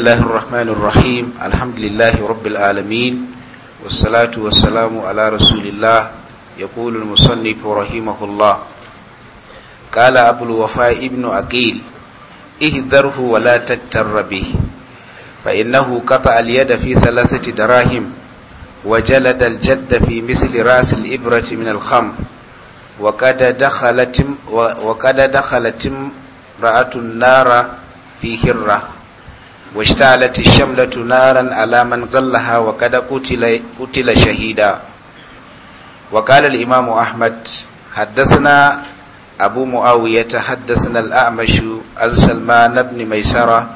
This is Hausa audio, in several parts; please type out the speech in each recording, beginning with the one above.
الله الرحمن الرحيم الحمد لله رب العالمين والصلاة والسلام على رسول الله يقول المصنف رحمه الله قال أبو الوفاء ابن أقيل اهذره ولا تتر به فإنه قطع اليد في ثلاثة دراهم وجلد الجد في مثل رأس الإبرة من الخمر وقد دخلت وقد دخلت امرأة النار في هره واشتعلت الشملة نارا على من قلها وقد قتل, قتل شهيدا وقال الإمام أحمد حدثنا أبو معاوية حدثنا الأعمش عن سلمان بن ميسرة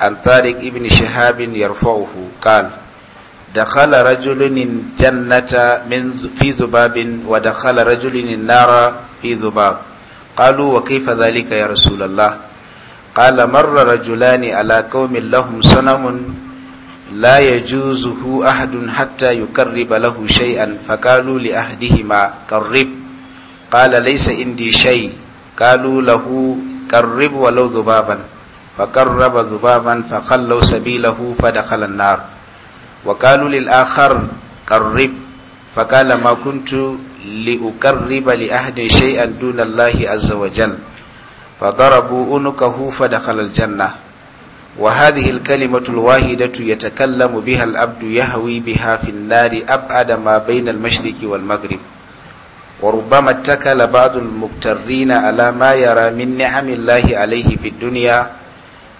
عن طارق بن شهاب يرفعه قال دخل رجل الجنة من في ذباب ودخل رجل النار في ذباب قالوا وكيف ذلك يا رسول الله قال مر رجلان على قوم لهم صنم لا يجوزه أحد حتى يقرب له شيئا فقالوا لأحدهما قرب قال ليس عندي شيء قالوا له قرب ولو ذبابا فقرب ذبابا فخلوا سبيله فدخل النار وقالوا للآخر قرب فقال ما كنت لأقرب لأحد شيئا دون الله عز وجل فضربوا أنكه فدخل الجنة وهذه الكلمة الواحدة يتكلم بها العبد يهوي بها في النار أبعد ما بين المشرق والمغرب وربما اتكل بعض المكترين على ما يرى من نعم الله عليه في الدنيا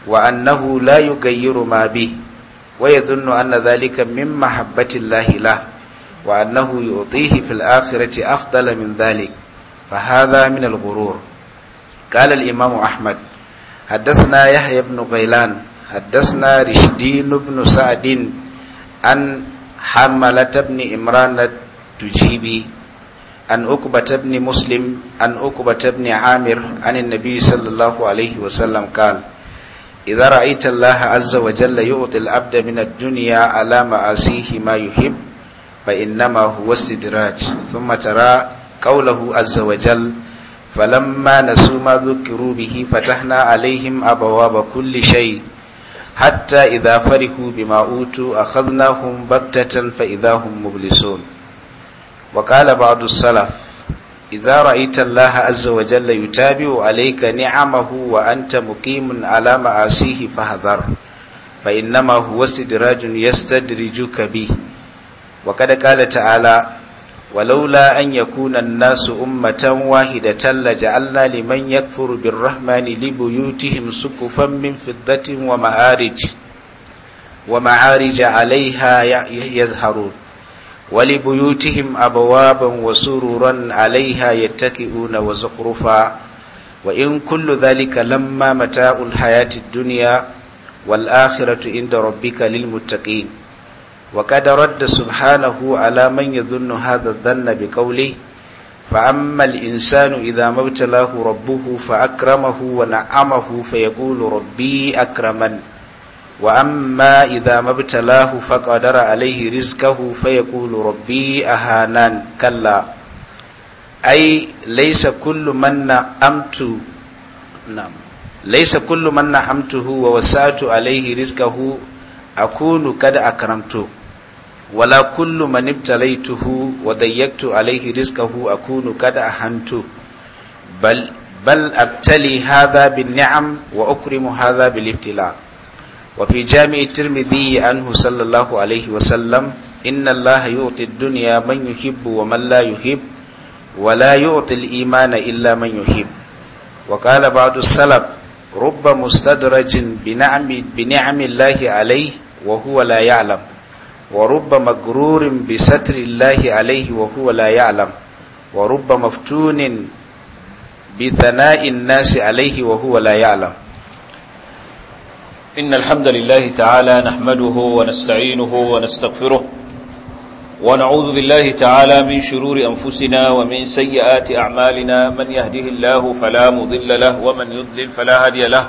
وأنه لا يغير ما به ويظن أن ذلك من محبة الله له وأنه يعطيه في الآخرة أفضل من ذلك فهذا من الغرور قال الإمام أحمد حدثنا يحيى بن غيلان حدثنا رشدين بن سعد عن حملة بن إمران التجيبي عن عقبة بن مسلم عن عقبة بن عامر عن النبي صلى الله عليه وسلم قال إذا رأيت الله عز وجل يعطي العبد من الدنيا على معاصيه ما يحب فإنما هو استدراج ثم ترى قوله عز وجل فلما نسوا ما ذكروا به فتحنا عليهم أبواب كل شيء حتى إذا فرحوا بما أوتوا أخذناهم بغتة فإذا هم مبلسون وقال بعض السلف إذا رأيت الله عز وجل يتابع عليك نعمه وأنت مقيم على معاصيه فاحذر فإنما هو استدراج يستدرجك به وقد قال تعالى ولولا أن يكون الناس أمة واحدة لجعلنا لمن يكفر بالرحمن لبيوتهم سقفا من فضة ومعارج ومعارج عليها يزهرون ولبيوتهم أبوابا وسررا عليها يتكئون وزخرفا وإن كل ذلك لما متاع الحياة الدنيا والآخرة عند ربك للمتقين وقد رد سبحانه على من يظن هذا الظن بقوله فأما الإنسان إذا ما ابتلاه ربه فأكرمه ونعمه فيقول ربي أكرمن وأما إذا ما ابتلاه فقدر عليه رزقه فيقول ربي أهانان كلا أي ليس كل من نعمت نعم ليس كل من نعمته ووسعت عليه رزقه أكون قد أكرمته wala kullu man ibtalaytuhu wa dayyaktu alayhi rizqahu akunu kad ahantu bal bal abtali hadha bin wa ukrimu hadha bil Wafi wa fi jami'i tirmidhi anhu sallallahu alayhi wa sallam inna allaha yu'ti ad-dunya man yuhibbu wa man la yuhibbu ولا يعطي الإيمان إلا من يحب وقال بعض السلف رب مستدرج بنعم, بنعم الله عليه وهو لا يعلم ورب مجرور بستر الله عليه وهو لا يعلم ورب مفتون بثناء الناس عليه وهو لا يعلم إن الحمد لله تعالى نحمده ونستعينه ونستغفره ونعوذ بالله تعالى من شرور أنفسنا ومن سيئات أعمالنا من يهده الله فلا مضل له ومن يضلل فلا هادي له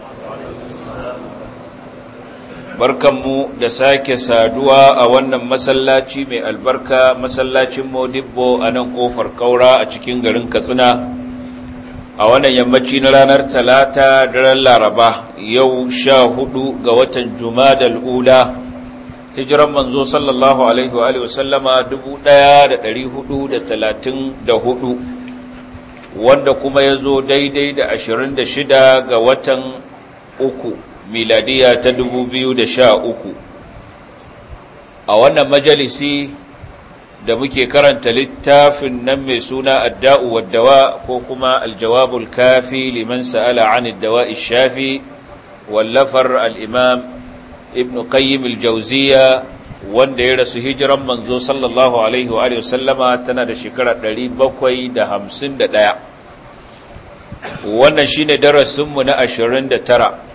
barkanmu da sake saduwa a wannan masallaci mai albarka masallacin modibbo a nan kofar kaura a cikin garin katsina a wannan yammaci na ranar talata daren laraba yau sha hudu ga watan Juma da Luda. hijiran manzo sallallahu alaihi wa sallama wasallama dubu daya da dari hudu da talatin da hudu wanda kuma ya zo daidai da ashirin da shida ga watan uku miladiya ta 2013 a wannan majalisi da muke karanta littafin nan mai suna adda'u waddawa ko kuma aljawabul kafi liman sa'ala an addawa wallafar al'imam ibn qayyim aljawziya wanda ya rasu hijiran manzo sallallahu alaihi wa sallama tana da shekara 751 wannan shine darasinmu na 29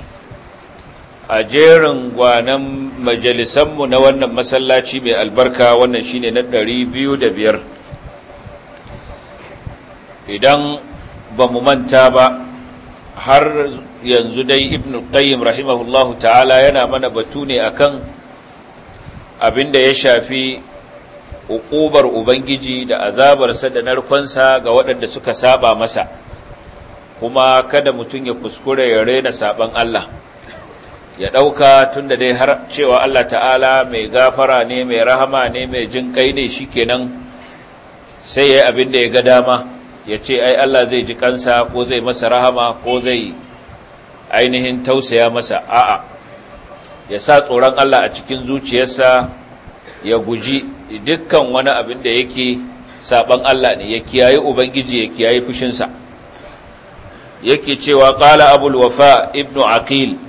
a jerin gwanan majalisanmu na wannan masallaci mai albarka wannan shi ne na ɗari biyu da biyar idan ba mu manta ba har yanzu dai ibn qayyim rahimahullahu ta'ala yana mana batu ne akan da ya shafi hukubar ubangiji da azabarsa da narkonsa ga waɗanda suka saba masa kuma kada mutum ya kuskure ya rena saban Allah ya ɗauka tun da dai har cewa Allah ta'ala mai gafara ne mai rahama ne mai jin kai ne shi kenan sai ya yi abin da ya ga dama ya ce ai Allah zai ji kansa ko zai masa rahama ko zai ainihin tausaya masa a'a ya sa tsoron Allah a cikin zuciyarsa ya guji dukkan wani abin da yake saban Allah ne ya kiyaye ubangiji ya kiyaye fushinsa yake cewa qala abul wafa ibnu aqil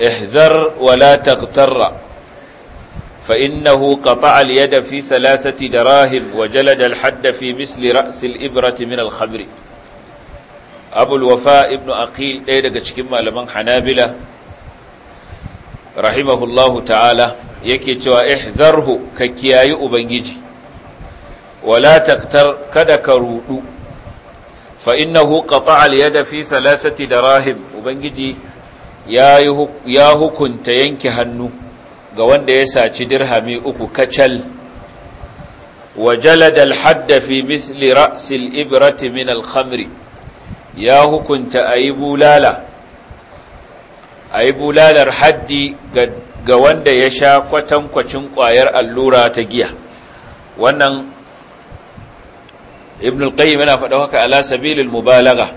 ihzar wala taqtarra fa innahu qata'a al-yada fi thalathati darahim wa jalada al-hadd fi misli ra's al-ibrati min al-khamr wafa ibn Aqil ɗaya daga cikin malaman Hanabila rahimahullahu ta'ala yake cewa ihzarhu ka kiyayi ubangiji wala taktar kada ka rudu fa innahu qata'a al-yada fi thalathati darahim ubangiji ya hukunta yanki hannu ga wanda ya saci dirhami uku kacal wa jaladal hadda fi misli min alhamri ya hukunta a yi bulalar haddi ga wanda ya sha kwatankwacin kwayar allura ta giya wannan ibn al-qayyim yana faɗa haka ala sabilil mubalagha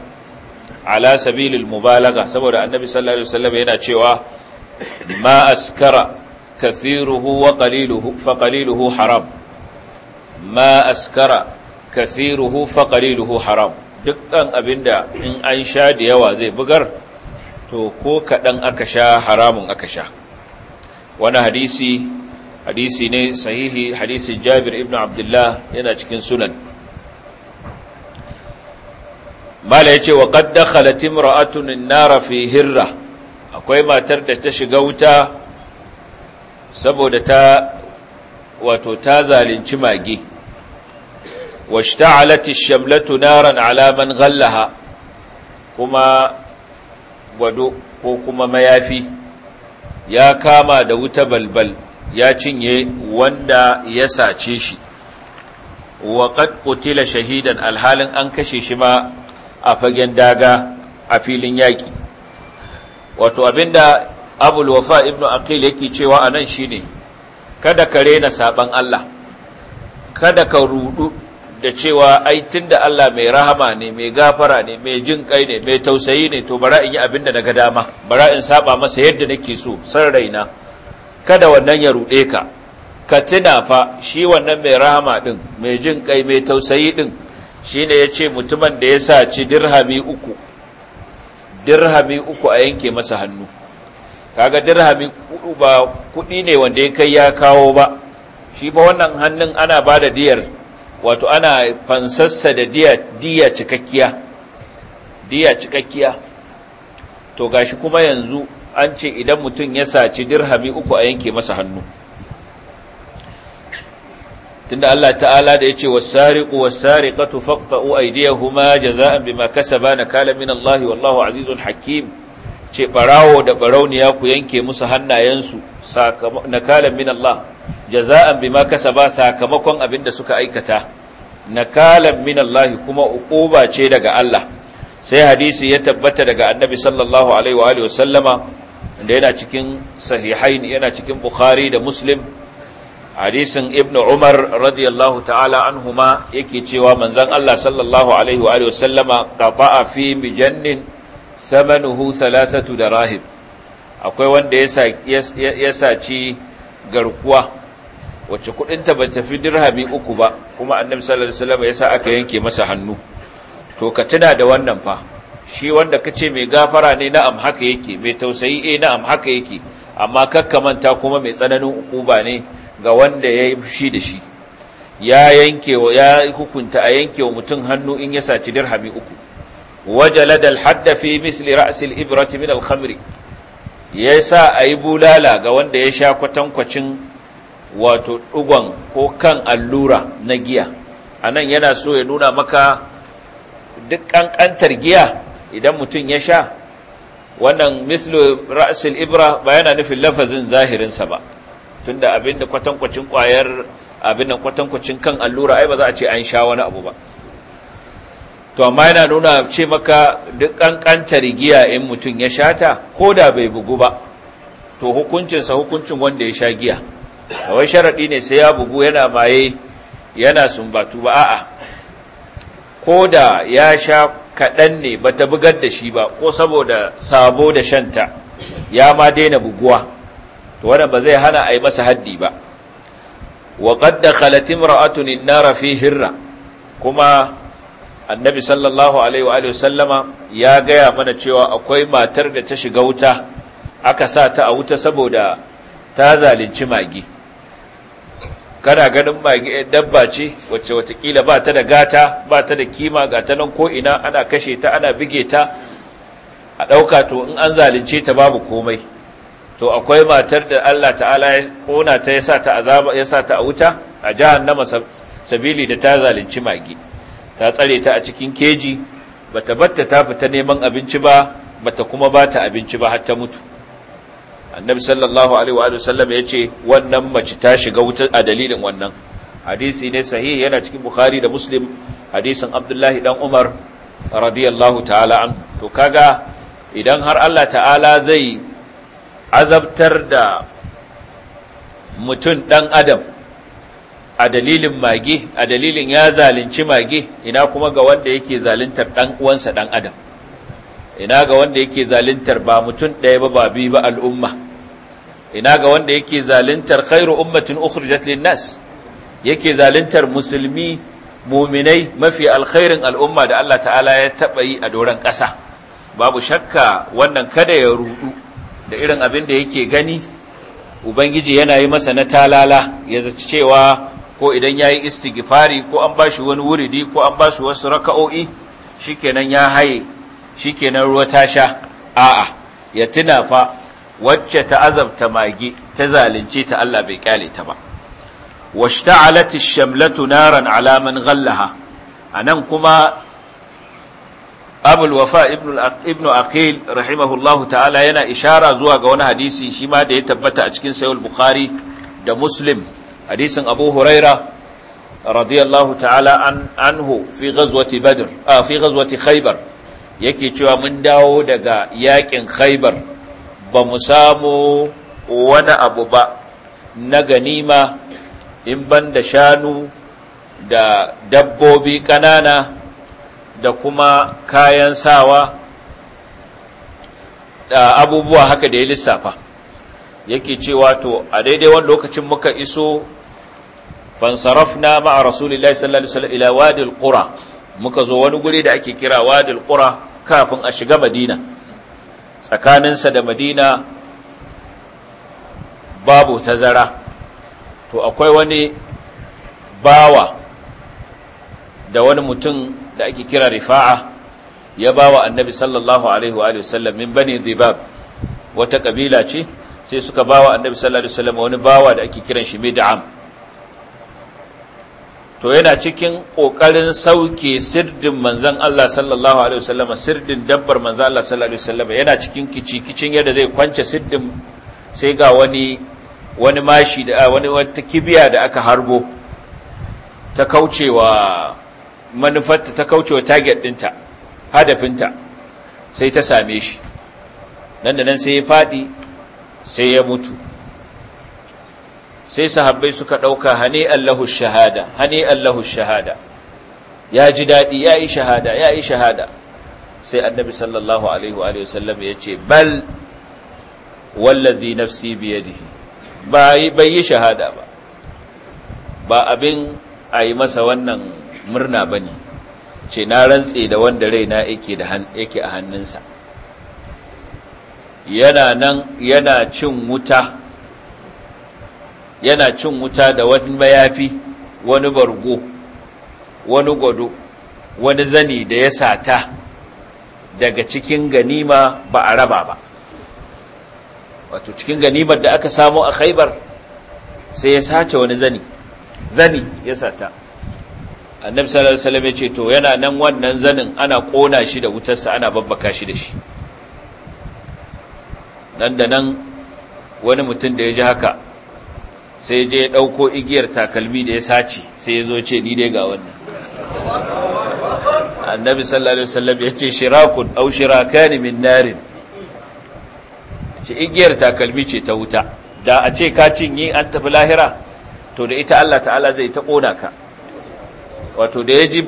ala sabilil mubalaga saboda annabi sallallahu alaihi wasallam yana cewa ma askara kathiruhu wa qaliluhu fa qaliluhu haram ma askara kathiruhu fa qaliluhu haram dukkan abinda in an sha da yawa zai bugar to ko kadan aka sha haramun aka sha wani hadisi hadisi ne sahihi hadisin Jabir ibn Abdullah yana cikin sunan mala yace wa qad dakhalat imra'atun nara fi hirra akwai matar da ta shiga wuta saboda ta wato ta zalunci mage washta'alat ash-shamlatu naran alaman man kuma gwado ko kuma mayafi ya kama da wuta balbal ya cinye wanda ya sace shi wa qad qutila shahidan alhalin an kashe shi ma a fagen daga a filin yaki. wato abinda abul wafa ibn aqil yake cewa anan nan shine kada ka rena saban Allah kada ka rudu da cewa ai tunda Allah mai rahama ne mai gafara ne mai jin kai ne mai tausayi ne to bara in yi abin da na ga dama bara in saba masa yadda nake so san raina kada wannan ya rude ka ka tuna fa shi wannan mai rahama ɗin, mai jin kai mai tausayi ɗin. shine ya ce mutumin da ya saci dirhami uku dirhami uku a yanke masa hannu kaga dirhami ba kuɗi ne wanda ya kai ya kawo ba shi ba wannan hannun ana ba da diyar wato ana fansassa da diya cikakkiya diya cikakkiya to gashi kuma yanzu an ce idan mutum ya saci dirhami uku a yanke masa hannu tunda Allah ta'ala da yace was-sariqu was-sariqatu faqta'u aydiyahuma jazaa'an bima kasaba nakala min Allah wallahu azizun hakim ce barawo da barauniya ku yanke musu hannayensu nakala min Allah jazaa'an bima kasaba sakamakon abinda suka aikata nakalan min Allah kuma uquba ce daga Allah sai hadisi ya tabbata daga annabi sallallahu alaihi wa alihi wasallama da yana cikin sahihain yana cikin bukhari da muslim hadisin ibnu umar radiyallahu ta'ala anhuma yake cewa manzon Allah sallallahu alaihi wa alihi wasallama qata'a fi mijannin thamanuhu thalathatu darahim akwai wanda ya saci garkuwa wacce kudinta ba ta fi dirhami uku ba kuma annabi sallallahu alaihi wasallam ya sa aka yanke masa hannu to ka tuna da wannan fa shi wanda kace mai gafara ne na'am haka yake mai tausayi eh na'am haka yake amma kakkamanta kuma mai tsananin ukuba ne ga wanda ya yi fushi da shi ya yanke ya hukunta a yanke wa mutum hannu in ya saci dirhami uku wajalada hadda fi misli ra'sil ibrati min alkhamri ya sa a yi bulala ga wanda ya sha kwatankwacin wato dugon ko kan allura na giya a nan yana so ya nuna maka duk ƙanƙantar giya idan mutum ya sha wannan mislu ra'sil ibra ba yana nufin lafazin zahirinsa ba tunda abin da kwatankwacin kwayar abin da kwatankwacin kan allura ai ba za a ce an sha wani abu ba to amma yana nuna ce maka duk kankanta rigiya in mutum ya sha ta, ko da bai bugu ba to hukuncinsa hukuncin wanda ya sha giya wai sharaɗi ne sai ya bugu yana maye yana sumbatu ba a'a ko da ya sha kaɗan ne ba ta bugar da shi ba ko saboda sabo da shanta ya ma daina buguwa to wannan ba zai hana a yi masa haddi ba wa qad dakhalat imra'atun an-nar fi hirra kuma annabi sallallahu alaihi wa sallama ya gaya mana cewa akwai matar da ta shiga wuta aka sa ta a wuta saboda ta zalunci magi kana ganin magi dabba ce wacce watakila ba ta da gata ba ta da kima ga ta nan ko'ina ana kashe ta ana bige ta a ɗauka to in an zalunce ta babu komai to akwai matar da Allah ta'ala ya kona ta yasa ta azaba ta a wuta a jahannama sabili da ta zalunci mage ta tsare ta a cikin keji bata batta ta fita neman abinci ba bata kuma bata abinci ba har ta mutu annabi sallallahu alaihi wa sallam ce wannan mace ta shiga wuta a dalilin wannan hadisi ne sahihi yana cikin bukhari da muslim hadisin abdullahi dan umar radiyallahu ta'ala an to kaga idan har Allah ta'ala zai azabtar da mutum ɗan adam a dalilin mage a dalilin ya zalunci mage ina kuma ga wanda yake zaluntar ɗan uwansa ɗan adam ina ga wanda yake zaluntar ba mutum ɗaya ba ba bi ba al'umma ina ga wanda yake zaluntar khairu ummatin ukhrijat linnas yake zaluntar musulmi muminai mafi alkhairin al'umma da Allah ta'ala ya taɓa yi a doron ƙasa babu shakka wannan kada ya rudu da irin abin da yake gani ubangiji yana yi masa na talala ya zaci cewa ko idan ya yi istighfari ko an ba shi wani wuridi ko an ba shi wasu raka'o'i shi kenan ya haye shi shikenan ruwa ta sha a'a ya tuna fa wacce ta azabta mage ta zalunce ta Allah bai kyale ta ba washta'alat alati shamlatu naran ala man ghallaha anan kuma abul wafa ibnu aqil rahimahullahu ta'ala yana ishara zuwa ga wani hadisi shi ma da ya tabbata a cikin sayul bukhari da muslim hadisin abu huraira radiyallahu ta'ala anhu fi ghazwati badr a fi ghazwati khaybar yake cewa mun dawo daga yakin khaybar ba mu samu wani abu ba na ganima in ban da shanu da dabbobi ƙanana da kuma kayan sawa da abubuwa haka da ya lissafa yake cewa to a daidai wani lokacin muka iso fansarafna ma'a rasulullahi sallallahu alaihi wasallam ila wadil qura muka zo wani guri da ake kira wadil qura kafin a shiga madina tsakaninsa da madina babu tazara to akwai wani bawa da wani mutum da ake kira rifa'a ya ba wa annabi sallallahu alaihi wa sallam min bani dibab wata kabila ce sai suka ba wa annabi sallallahu alaihi wa sallam wani bawa da ake kiran shi mid'am to yana cikin kokarin sauke sirdin manzon Allah sallallahu alaihi wa sallam sirdin dabbar manzon Allah sallallahu alaihi wa sallam yana cikin kicikicin yadda zai kwance sirdin sai ga wani wani mashi da wani wata kibiya da aka harbo ta kaucewa manufarta ta kaucewa target ɗinta hadafinta sai ta same shi nan da nan sai ya faɗi sai ya mutu sai sahabbai suka ɗauka hane Allahu shahada hane Allahu shahada ya ji daɗi ya yi shahada ya yi shahada sai annabi sallallahu alaihi wa sallam ya ce bal wallazi nafsi biyadihi bai yi shahada ba ba abin a yi masa wannan murna ba ne ce na rantse da wanda raina yake a hannunsa yana nan yana cin wuta yana cin wuta da wani mayafi wani bargo wani gwado wani zani da ya sata daga cikin ganima ba a raba ba wato cikin ganimar da aka samu a khaibar sai ya sace wani zani zani ya sata annabi sallallahu alaihi wasallam ya to yana nan wannan zanin ana kona shi da sa ana babbaka shi da shi nan da nan wani mutum da ya ji haka sai je ya ɗauko igiyar takalmi da ya sace sai ya zo ce ni dai ga wannan annabi sallallahu alaihi wasallam ya shirakun au shirakani min narin ce igiyar takalmi ce ta wuta da a ce ka cinye an tafi lahira to da ita Allah ta'ala zai ta kona ka wato da ya ji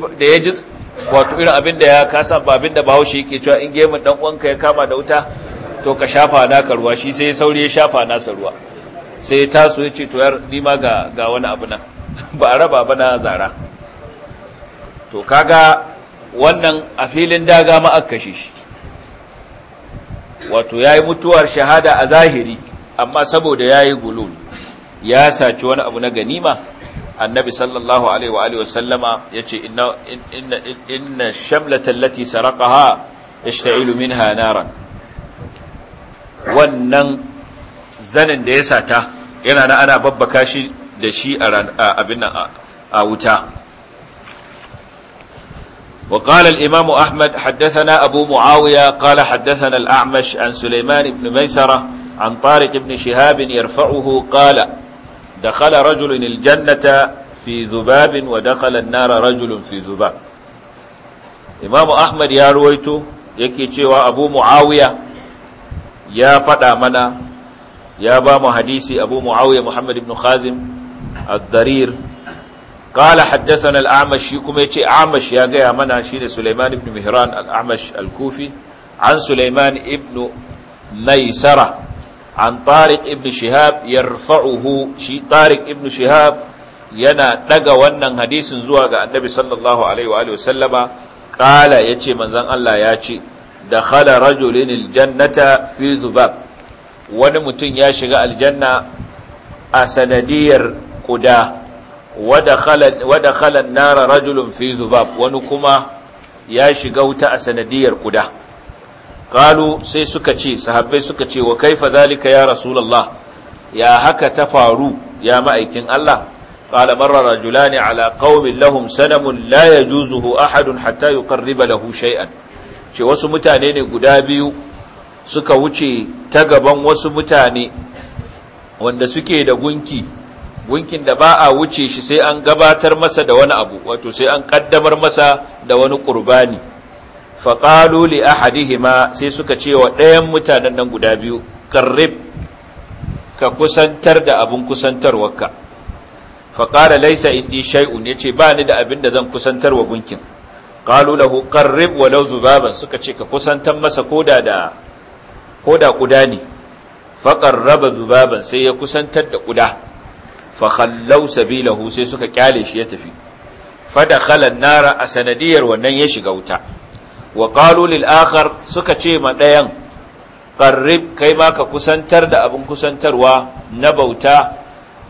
wato irin abin da ya kasa ba abin da bahaushe yake cewa in gemun dan uwanka ya kama da wuta to ka shafa naka ruwa shi sai sauri ya shafa nasa ruwa sai ya taso ya ce to yar nima ga ga wani abu nan ba raba ba na zara to kaga wannan a filin daga ma aka kashe shi wato yayi mutuwar shahada a zahiri amma saboda yayi gulul ya saci wani abu na ganima annabi sallallahu alaihi wa alihi wasallama yace inna inna inna shamlata allati saraqaha ishta'ilu minha naran wannan zanin da ya sata yana da ana babbaka shi da shi a abin nan a wuta وقال الإمام أحمد حدثنا أبو معاوية قال حدثنا الأعمش عن سليمان بن ميسرة عن طارق بن شهاب يرفعه قال dakhala rajulun aljannata fi zubabin wa dakhala nara rajulun fi zubab Imam Ahmad ya ruwaito yake cewa Abu Muawiya ya fada mana ya bamu hadisi hadisi Abu Muawiya Muhammad ibn Khazim ad-Darir قال kuma الأعمش كما يتي أعمش يا جاي منا شين سليمان بن مهران الأعمش الكوفي An Suleiman ابن ميسرة an tariq ibn shihab ya rufa'uhu shi tariq ibn shihab yana daga wannan hadisin zuwa ga annabi sallallahu alaihi wa sallama qala yace manzon Allah ya ce dakhala rajulun aljannata fi zubab wani mutum ya shiga aljanna a sanadiyar kuda wa dakhala nara rajulun fi zubab wani kuma ya shiga wuta a sanadiyar kuda qalu sai suka ce sahabbai suka ce wa kaifa zalika ya rasulallah ya haka ta faru ya ma'aikin Allah qala marra rajulani ala qaumin lahum sanamun la yajuzuhu ahadun hatta riba lahu shay'an ce wasu mutane ne guda biyu suka wuce ta gaban wasu mutane wanda suke da gunki gunkin da ba a wuce shi sai an gabatar masa da wani abu wato sai an ƙaddamar masa da wani ƙurbani. faƙalu li ahadihima sai suka ce wa ɗayan mutanen nan guda biyu ƙarrib ka kusantar da abin kusantarwarka faƙara laisa indi shay'un ya ce ba ni da abin da zan kusantar wa gunkin ƙalu lahu ƙarrib walau zubaban suka ce ka kusantar masa koda da koda ƙuda ne raba zubaban sai ya kusantar da ƙuda fakhallau sabilahu sai suka ƙyale shi ya tafi fada khalan nara a sanadiyar wannan ya shiga wuta wa qalu akhar suka ce ma ɗayan qarrib kai ma ka kusantar da abin kusantarwa na bauta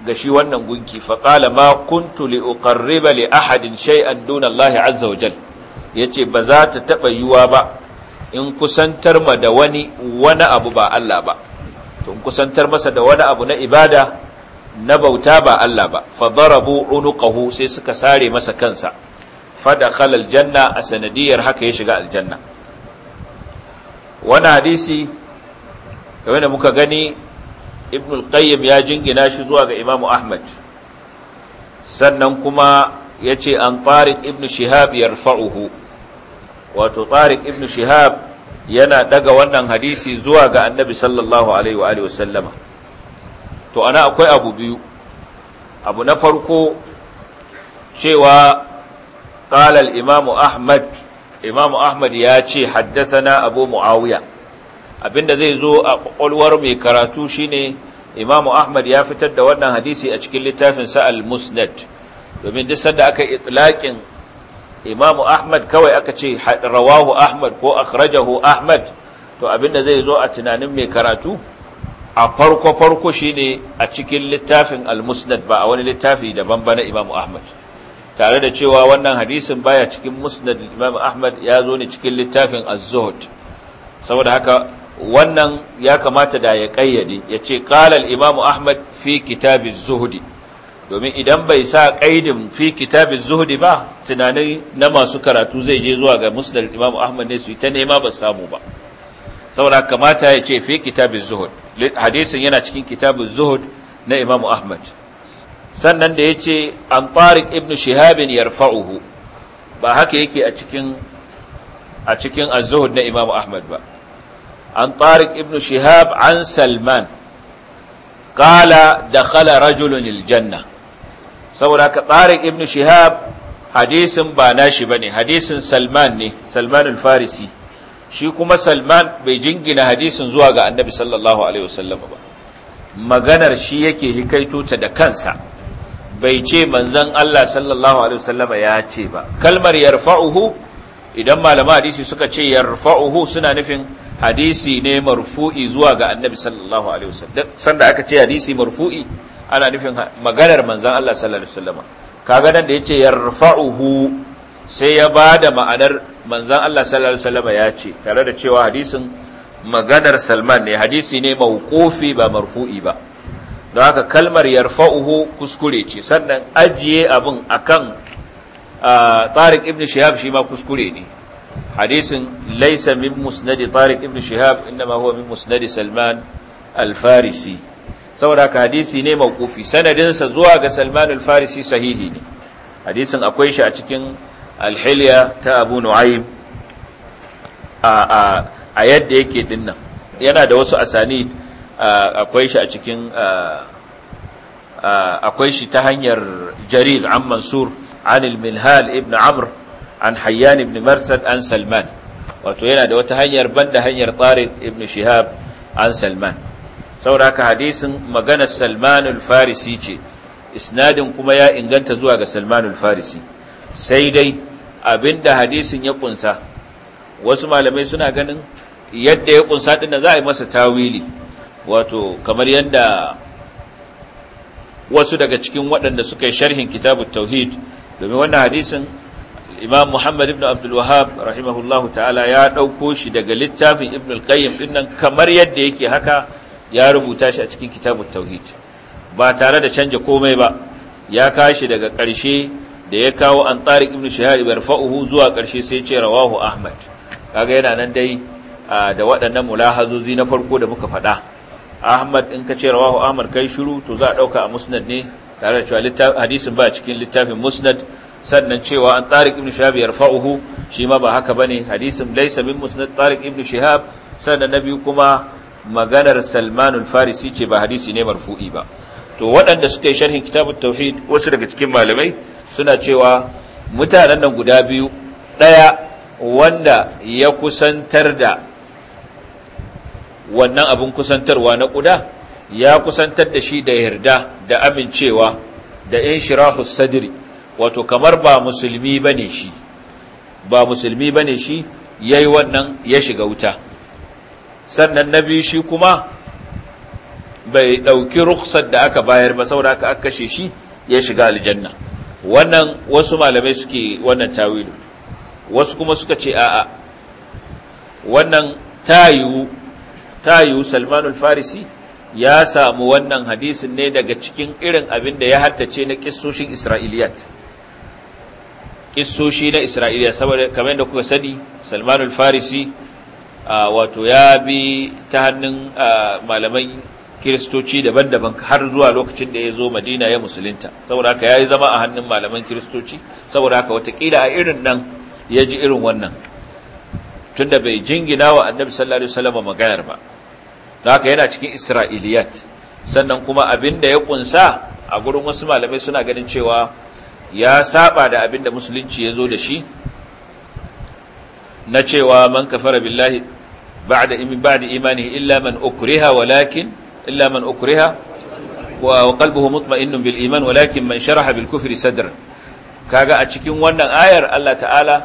ga shi wannan gunki fa qala ma kuntu li uqarriba li ahadin shay'an azzawajal Allah azza yace ba za ta taɓa yiwuwa ba in kusantar ma da wani wani abu ba Allah ba to in kusantar masa da wani abu na ibada na bauta ba Allah ba fa darabu unuqahu sai suka sare masa kansa fada khalal janna a sanadiyar haka ya shiga aljanna Wani hadisi kamar da muka gani ibn al-qayyim ya jingina shi zuwa ga imamu ahmad sannan kuma yace an tariq ibn shihab yarfa'uhu wato tariq ibn shihab yana daga wannan hadisi zuwa ga annabi sallallahu alaihi wa alihi to ana akwai abu biyu abu na farko cewa qala al-imam ahmad imam ahmad ya ce na abu muawiya abinda zai zo a kwakwalwar mai karatu shine imam ahmad ya fitar da wannan hadisi a cikin littafin sa'al musnad domin duk sanda aka itlaqin imam ahmad kawai aka ce rawahu ahmad ko akhrajahu ahmad to abinda zai zo a tunanin mai karatu a farko farko shine a cikin littafin al-musnad ba a wani littafi daban ba na imam ahmad tare da cewa wannan hadisin baya cikin musnad imam ahmad ya zo ne cikin littafin az-zuhd saboda haka wannan ya kamata da ya kayyade ya ce qala al-imam ahmad fi kitab az-zuhd domin idan bai sa kaidin fi kitab az-zuhd ba tunani na masu karatu zai je zuwa ga musnad imam ahmad ne su ta nema ba samu ba saboda kamata ya ce fi kitab az-zuhd hadisin yana cikin kitab az-zuhd na imam ahmad sannan da ya ce an tariq ibn shihabin yarfa'uhu ba haka yake a cikin Azuhud na imamu ahmad ba an tariq ibn shihab an salman da dakhala rajulun al-janna saboda ka tariq ibn shihab hadisin ba nashi bane hadisin salman ne salman farisi shi kuma salman bai jingina hadisin zuwa ga annabi sallallahu alaihi wasallam ba maganar shi yake hikaito ta da kansa bai ce manzan Allah sallallahu alaihi wasallama ya ce ba kalmar yarfa'uhu idan malama hadisi suka ce yarfa'uhu suna nufin hadisi ne marfu'i zuwa ga annabi sallallahu alaihi wasallam sanda aka ce hadisi marfu'i ana nufin maganar manzan Allah sallallahu alaihi wasallama kaga nan da ya ce yarfa'uhu sai ya ba da ma'anar manzan Allah sallallahu alaihi wasallama ya ce tare da cewa hadisin maganar Salman ne hadisi ne mauqufi ba marfu'i ba don haka kalmar yarfa'uhu kuskure ce sannan ajiye abin akan tarik ibn shihab shi ma kuskure ne hadisin laysa min musnadi tarik ibn shihab inma huwa min musnadi salman al-farisi saboda haka hadisi ne mawqufi sanadinsa zuwa ga salman al-farisi sahihi ne hadisin akwai shi a cikin alhiliya ta abu nu'aim a yadda yake dinnan yana da wasu asanid Ah, akwai shi a cikin ah, ah, akwai shi ta hanyar jarir an mansur an ibn amr an hayyan ibn marsad an salman wato yana da wata hanyar ban da hanyar tsarin ibn shihab an salman sauraka hadisin maganar salmanul farisi ce isnadin kuma ya inganta zuwa ga salmanul farisi sai dai abinda hadisin ya kunsa wasu malamai suna ganin yadda ya kunsa da za a yi masa tawili wato kamar yadda wasu daga cikin waɗanda suka yi sharhin kitabut tauhid domin wannan hadisin imam muhammad ibn Abdulwahab rahimahullahu ta'ala ya ɗauko shi daga littafin ibn al-qayyim dinnan kamar yadda yake haka ya rubuta shi a cikin kitabut tauhid ba tare da canja komai ba ya kashi daga ƙarshe da ya kawo an tsarik ibn shahari barfa'uhu zuwa ƙarshe sai ce rawahu ahmad kaga yana nan dai da waɗannan mulahazozi na farko da muka faɗa ahmad in ka ce rawahu ahmad kai shiru to za a ɗauka a musnad ne tare da cewa hadisin ba cikin littafin musnad sannan cewa an tariq ibn shihab yarfa'uhu shi ma ba haka bane hadisin laysa min musnad tariq ibn shihab sannan nabi kuma maganar salman al-farisi ce ba hadisi ne marfu'i ba to waɗanda suka yi sharhin kitabut tauhid wasu daga cikin malamai suna cewa mutanen nan guda biyu ɗaya wanda ya kusantar da wannan abin kusantarwa na ƙuda ya kusantar da shi da yarda da amincewa da in shirahu sadri wato kamar ba musulmi ba ne shi ba musulmi ba ne shi ya yi wannan ya shiga wuta sannan na biyu shi kuma bai ɗauki rukhsar da aka bayar ba saboda aka kashe shi ya shiga aljanna wannan wasu malamai suke wannan tawilu wasu kuma suka ce a'a wannan ta yiwu Tayu yiwu salmanul farisi ya samu wannan hadisin ne daga cikin irin abin da ya haddace na kissoshin isra'iliyat kissoshi na isra'iliyat saboda kamar yadda kuka sani salmanul farisi wato ya bi ta hannun malaman kiristoci daban-daban har zuwa lokacin da ya zo madina ya musulunta saboda haka ya yi zama a hannun malaman kiristoci saboda haka watakila a irin nan ya ji irin wannan tunda bai jingina wa annabi sallallahu alaihi wasallam maganar ba haka yana cikin isra'iliyat sannan kuma abin da ya kunsa a gurin wasu malamai suna ganin cewa ya saba da abin da musulunci ya zo da shi na cewa man kafara billahi ba'da ba'da imani illa man ukriha walakin illa man ukriha wa qalbuhu mutma'innun bil iman walakin man sharaha bil kufri sadran kaga a cikin wannan ayar Allah ta'ala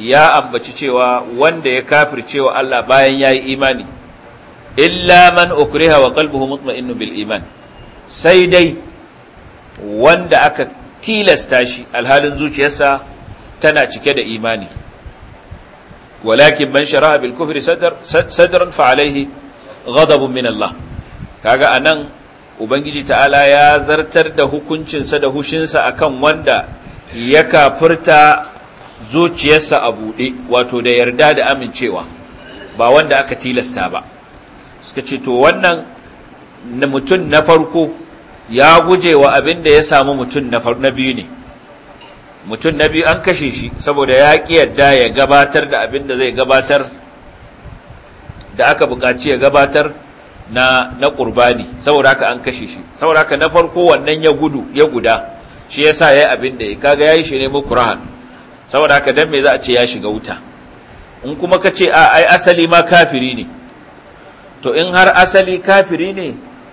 ya ambaci cewa wanda ya kafircewa Allah bayan yayi imani illa man ukriha wa qalbuhu mutma'innun bil iman sai dai wanda aka tilasta shi alhalin zuciyarsa tana cike da imani walakin man sharaha bil kufri sadran fa alaihi ghadabun min Allah kaga anan ubangiji ta'ala ya zartar da hukuncinsa da hushinsa akan wanda ya kafirta zuciyarsa a buɗe wato da yarda da amincewa ba wanda aka tilasta ba suka ce to wannan mutum na farko ya guje wa abin da ya samu mutum na biyu ne mutum na biyu an kashe shi saboda ya ƙi yadda ya gabatar da abin da zai gabatar da aka buƙaci ya gabatar na na ƙurbani saboda haka an kashe shi saboda haka na farko wannan ya gudu ya guda shi ya sa ya yi abin da ya kaga yi shi ne mukurahan saboda haka dan me za a ce ya shiga wuta in kuma ka ce a ai asali ma kafiri ne to in har asali kafiri ne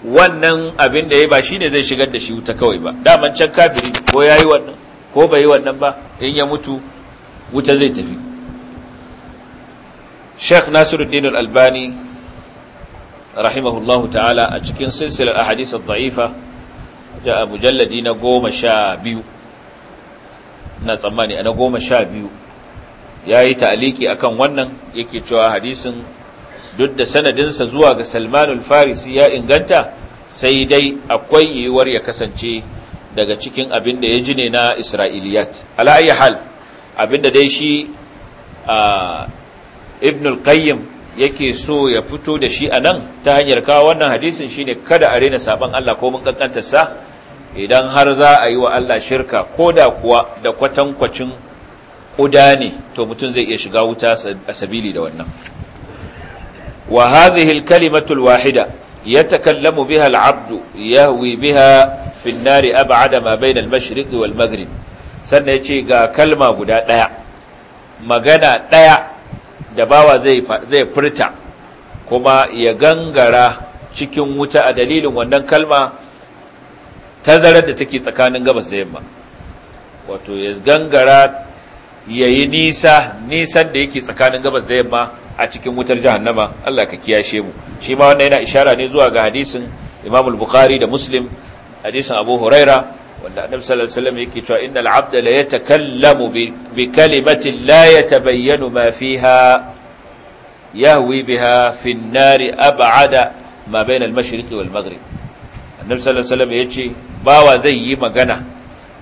wannan abin da ya ba shi ne zai shigar da shi wuta kawai ba daman can kafiri ko ya yi wannan ko bai yi wannan ba in ya mutu wuta zai tafi Sheikh Nasiruddin Al-Albani rahimahullahu ta'ala a cikin silsilar ahadith ad-da'ifa ja mujalladi na goma sha biyu, na tsammani a na goma sha biyu, ya yi ta'aliki akan wannan yake cewa hadisin duk da sanadinsa zuwa ga salmanul farisi ya inganta sai dai akwai yiwuwar ya kasance daga cikin abin da ya ji ne na isra'iliyat ala'ayi hal abin da dai shi ibn al-qayyim yake so ya fito da shi a nan ta hanyar kawo wannan hadisin shi ne, kada a rena saban Allah ko mun kankanta sa idan har za a yi wa Allah shirka ko da kuwa da kwatankwacin ƙuda ne to mutum zai iya shiga wuta a sabili da wannan wa hadhihi al-kalimatu al-wahida yatakallamu biha al-'abdu yahwi biha fi an-nar ma bayna al-mashriq wal-maghrib sannan yace ga kalma guda ɗaya, magana ɗaya, da bawa zai zai furta kuma ya gangara cikin wuta a dalilin wannan kalma tazarar da take tsakanin gabas da yamma wato ya gangara ya yi nisa nisan da yake tsakanin gabas da yamma a cikin wutar jahannama Allah ka kiyashe mu shi ma wannan yana ishara ne zuwa ga hadisin Imam al-Bukhari da Muslim hadisin Abu Huraira wanda Annabi sallallahu alaihi wasallam yake cewa innal abda la yatakallamu bi kalimatin la yatabayyanu ma fiha yahwi biha fi an-nari ab'ada ma bayna al-mashriq wal maghrib Annabi sallallahu alaihi wasallam yace bawa zai yi magana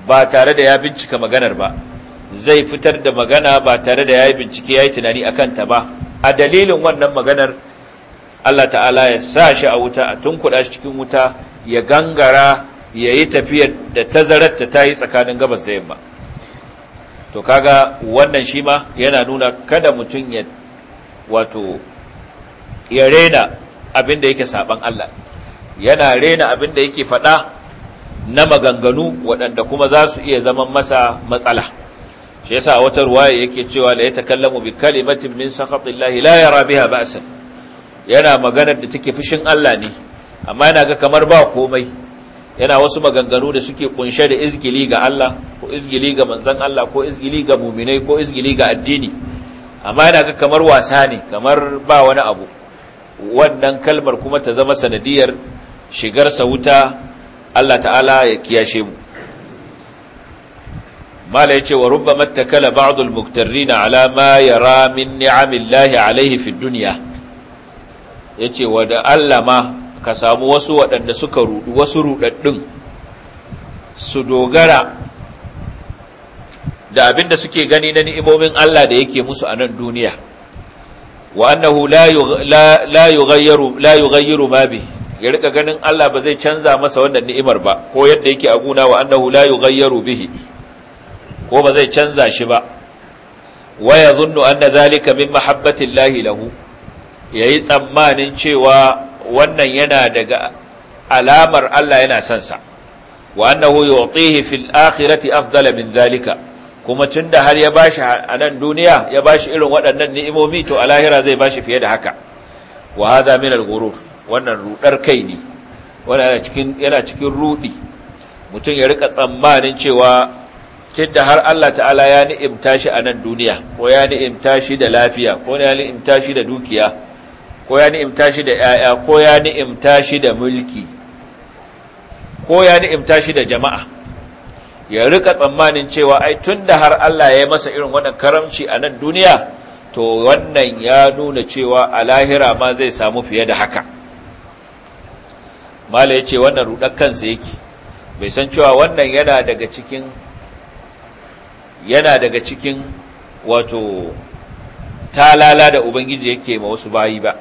ba tare da ya bincika maganar ba zai fitar da magana ba tare da ya yi bincike ya yi tunani a kanta ba a dalilin wannan maganar Allah ta'ala ya sa shi a wuta a tunkuɗa shi cikin wuta ya gangara ya yi tafiyar da tazarar ta ta yi tsakanin gabas da yamma to kaga wannan shi ma yana nuna kada mutum ya wato ya rena abin da yake saban Allah yana rena abin da yake faɗa na maganganu waɗanda kuma za su iya zaman masa matsala shi yasa wata ruwaya yake cewa la yatakallamu bi kalimatin min sakhatillahi la yara biha ba'san yana maganar da take fushin Allah ne amma yana ga kamar ba komai yana wasu maganganu da suke kunshe da izgili ga Allah ko izgili ga manzon Allah ko izgili ga mu'minai ko izgili ga addini amma yana ga kamar wasa ne kamar ba wani abu wannan kalmar kuma ta zama sanadiyar shigarsa wuta Allah ta'ala ya kiyashe mu mala ce wa rubbama takala ba'd al na alama ya ramin min ni'amillahi alaihi fi dunya yace wa da Allah ka samu wasu waɗanda suka rudu wasu rudaddun su dogara da abinda suke gani na ni'imomin Allah da yake musu a nan duniya wa annahu la yughayyiru ma bihi ya rika ganin Allah ba zai canza masa wannan ni'imar ba ko yadda yake a guna wa annahu la yughayyaru bihi ko ba zai canza shi ba waya zunnu anna zalika min mahabbatillahi lahu yayi tsammanin cewa wannan yana daga alamar Allah yana son sa wa annahu yu'tihi fil akhirati afdala min zalika kuma tunda har ya bashi a nan duniya ya bashi irin waɗannan ni'imomi to a lahira zai bashi fiye da haka wa hadha min al-ghurur wannan rudar kai ne wannan yana cikin yana cikin rudi mutum ya rika tsammanin cewa tunda har Allah ta'ala ya ni'imta shi a nan duniya ko ya ni'imta shi da lafiya ko ya ni'imta shi da dukiya ko ya ni'imta shi da 'ya'ya, ko ya ni'imta shi da mulki ko ya ni'imta shi da jama'a ya rika tsammanin cewa ai tunda har Allah ya yi masa irin wannan karamci a nan duniya to wannan ya nuna cewa a lahira ma zai samu fiye da haka mala ya ce wannan rudar kansa yake bai san cewa wannan yana daga cikin yana daga cikin wato talala da ubangiji yake ma wasu bayi ba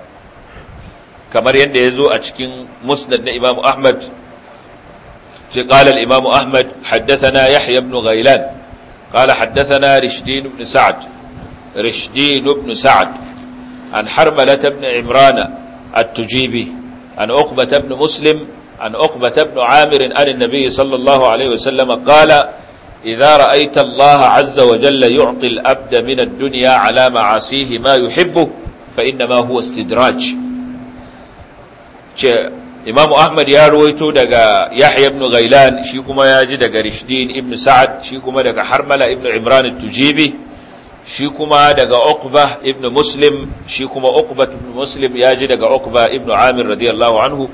kamar yadda ya zo a cikin musnad na imamu ahmad ce qala al-imam ahmad haddathana yahya ibn ghailan qala haddathana rishdin ibn Sa'ad. rishdin ibn Sa'ad. an harmalah ibn imrana at-tujibi an uqbah ibn muslim an uqbah ibn amir an an-nabi sallallahu alaihi wa sallam qala إذا رأيت الله عز وجل يعطي الأبد من الدنيا على معاصيه ما يحبه فإنما هو استدراج إمام أحمد يا رويتو دقا يحيى بن غيلان شيكما ياجي دقا رشدين ابن سعد شيكما دقا حرملة ابن عمران التجيبي شيكما دقا أقبة ابن مسلم شيكما أقبة ابن مسلم ياجي دقا أقبة ابن عامر رضي الله عنه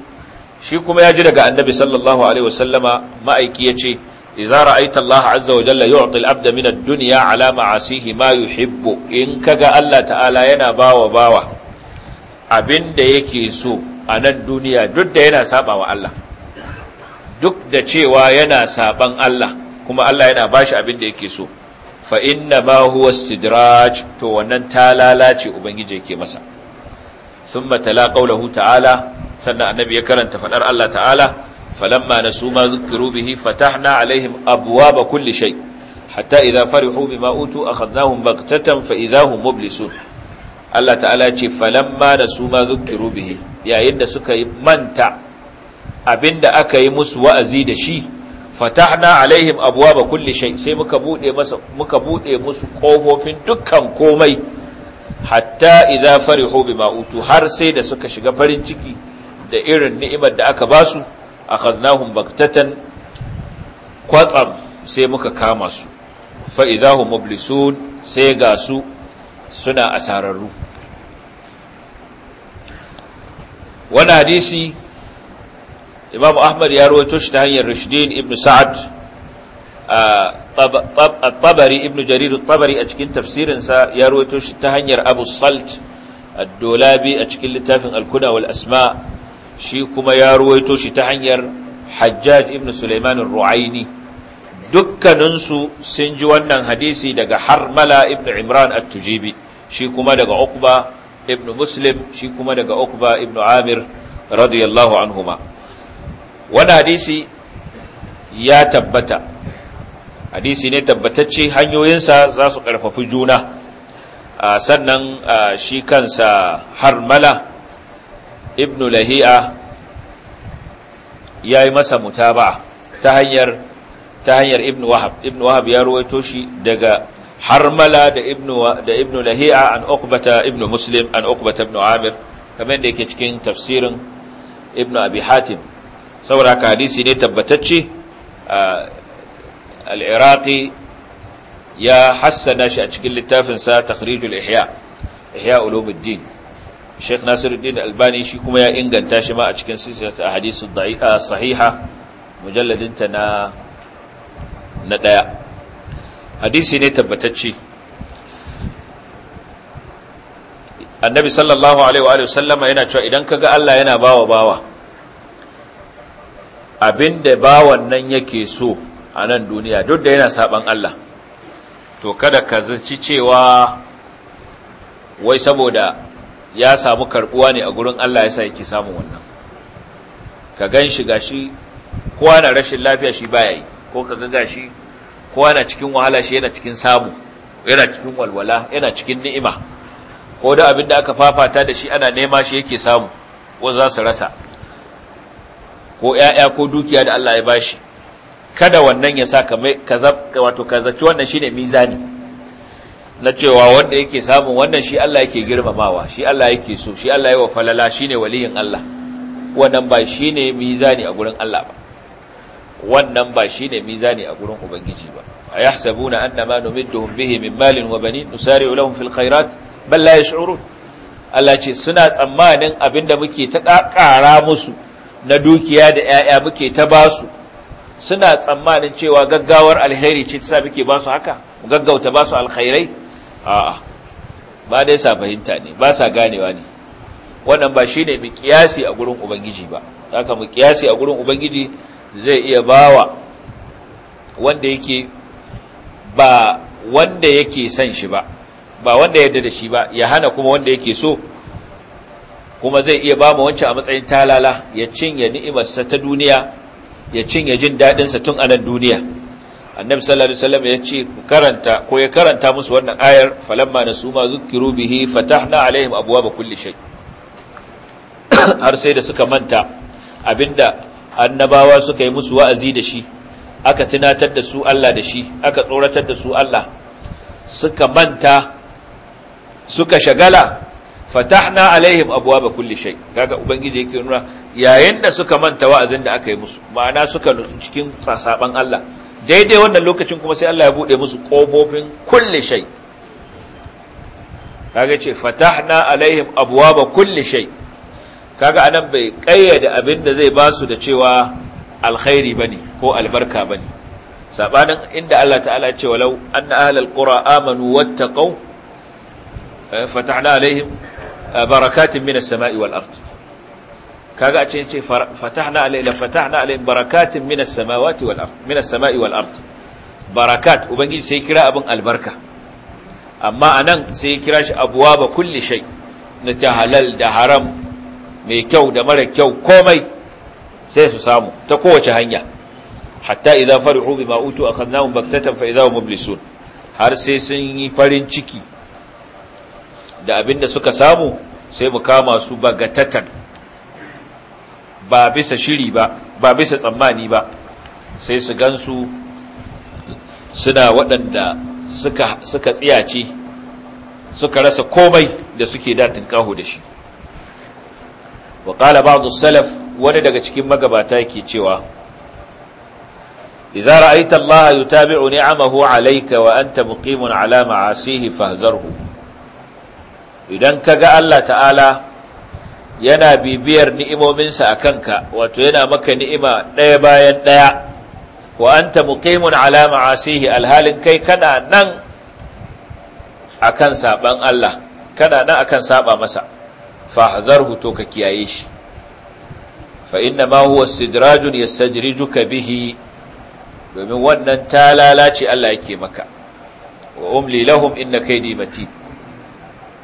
شيكما ياجي دقا النبي صلى الله عليه وسلم ما أيكيتي idza ra'aita Allah azza wa jalla yu'ti al-abda min ad-dunya ala ma'asihi ma yuhibbu in ga Allah ta'ala yana bawa bawa abinda yake so a nan duniya duk da yana saba wa Allah duk da cewa yana saban Allah kuma Allah yana bashi abinda yake so fa inna ma huwa to wannan ta lalace ubangiji yake masa thumma tala qawluhu ta'ala sannan annabi ya karanta faɗar Allah ta'ala falamma nasu ma zukiru bihi fatahna alaihim abwaaba kulli shay hatta idza farihu bima utu akhadnahum baghtatan fa idza hum mublisun Allah ta'ala ce falamma nasu ma zukiru bihi yayin da suka yi manta abinda aka yi musu wa'azi da shi fatahna alaihim abwaaba kulli shay sai muka bude masa muka bude musu kofofin dukkan komai hatta idza farihu bima utu har sai da suka shiga farin ciki da irin ni'imar da aka basu akhadnahum baktatan kwatsam sai muka kama su fa idahum mublisun sai ga su suna asararru wannan hadisi Imam Ahmad ya rawaito shi ta hanyar Rashidin ibn Sa'ad at-Tabari ibn Jarir at-Tabari a cikin tafsirinsa ya rawaito shi ta hanyar Abu Salt ad Dolabi a cikin littafin Al-Kuna wal Asma' shi kuma ya ruwaito shi ta hanyar hajjaj ibn suleiman ru'aini dukkaninsu sun ji wannan hadisi daga harmala ibn imran at-tujibi shi kuma daga uqba ibn muslim shi kuma daga uqba ibn amir radiyallahu anhuma wannan hadisi ya tabbata hadisi ne tabbatacce hanyoyinsa za su ƙarfafi juna sannan shi kansa harmala ibn lahi'a ya yi masa mutaba ta hanyar ta hanyar ibn wahab ibn wahab ya ruwaito shi daga harmala da ibn da ibn lahi'a an uqbata ibn muslim an uqbata ibn amir kamar da yake cikin tafsirin ibn abi hatim saboda ka hadisi ne tabbatacce al-iraqi ya hassana shi a cikin littafinsa takhrijul ihya ihya ulumuddin Sheikh Nasiruddin Albani shi kuma ya inganta shi ma a cikin silsilat ahadithu da'i'a sahiha mujalladin ta na na daya hadisi ne tabbatacce Annabi sallallahu alaihi wa sallama yana cewa idan ka ga Allah yana bawa bawa da bawan nan yake so a nan duniya duk da yana saban Allah to kada ka zaci cewa wai saboda ya samu karbuwa ne a gurin Allah ya sa yake samu wannan ka gan shi gashi kowa na rashin lafiya shi baya yi ko ka ga gashi kowa na cikin wahala shi yana cikin samu yana cikin walwala yana cikin ni'ima ko da abin da aka fafata da shi ana nema shi yake samu ko za su rasa ko ƴaƴa ko dukiya da Allah ya bashi kada wannan ya sa ka wato ka zaci wannan shine mizani na cewa wanda yake samun wannan shi Allah yake girmamawa shi Allah yake so shi Allah yawa falala shine waliyin Allah wannan ba shine mizani a gurin Allah ba wannan ba shine mizani a gurin ubangiji ba ayahsabuna annama numidduhum bihi min malin wa banin nusari'u lahum fil khairat bal la yash'urun Allah ce suna tsammanin abinda muke ta ƙara musu na dukiya da ƴaƴa muke ta basu suna tsammanin cewa gaggawar alheri ce ta sa muke basu haka gaggauta basu alkhairai a'a ba dai sa fahimta ne ba sa ganewa ne wannan ba shi ne kiyasi a gurin ubangiji ba haka kiyasi a gurin ubangiji zai iya bawa wanda yake ba wanda yake son shi ba ba wanda yadda da shi ba ya hana kuma wanda yake so kuma zai iya ba mu wancan a matsayin talala ya cinye ni'imarsa ta duniya ya cinye jin daɗinsa tun a nan duniya annabi sallallahu alaihi wasallam ya ce karanta ko ya karanta musu wannan ayar falamma nasuma zukiru bihi fatahna alaihim abwaaba kulli shay har sai da suka manta abinda annabawa suka yi musu wa'azi da shi aka tunatar da su Allah da shi aka tsoratar da su Allah suka manta suka shagala fatahna alaihim abwaaba kulli shay kaga ubangiji yake nuna yayin da suka manta wa'azin da aka yi musu ma'ana suka nutsu cikin sasaban Allah daidai wannan lokacin kuma sai Allah ya bude musu kofofin kulli shay kaga ce fatahna alaihim abwaba kulli shay kaga anan bai abin abinda zai basu da cewa alkhairi bane ko albarka bane sabanin inda Allah ta'ala ya ce walau anna ahlal qura amanu wattaqu eh, fatahna alaihim eh, barakatin minas sama'i wal kaga a cikin ce fatahna alai la fatahna alai barakatin minas samawati wal ard minas samai wal ard barakat ubangiji sai kira abin albarka amma anan sai kira shi abwaba kulli shay na ta halal da haram mai kyau da mara kyau komai sai su samu ta kowace hanya hatta idza farihu bima utu akhadnahum baktatan fa idza mublisun har sai sun yi farin ciki da abinda suka samu sai mu kama su bagatatan ba bisa shiri ba ba bisa tsammani ba sai su gansu suna waɗanda suka suka tsiyace suka rasa komai da suke datin kaho da shi wa qala salaf wani daga cikin magabata yake cewa idza ra'aita allaha yutabi'u ni'amahu 'alayka wa anta muqimun 'ala ma'asihi fahzarhu idan kaga Allah ta'ala yana bibiyar ni'imominsa a kanka wato yana maka ni'ima ɗaya bayan ɗaya wa anta muƙimun alama ma'asihi alhalin kai kana nan akan saɓan Allah kana nan akan saɓa masa fahzarhu to ka kiyaye shi fa inna ma huwa istidrajun ka bihi domin wannan ta lalace Allah yake maka wa umli lahum inna kaydi matin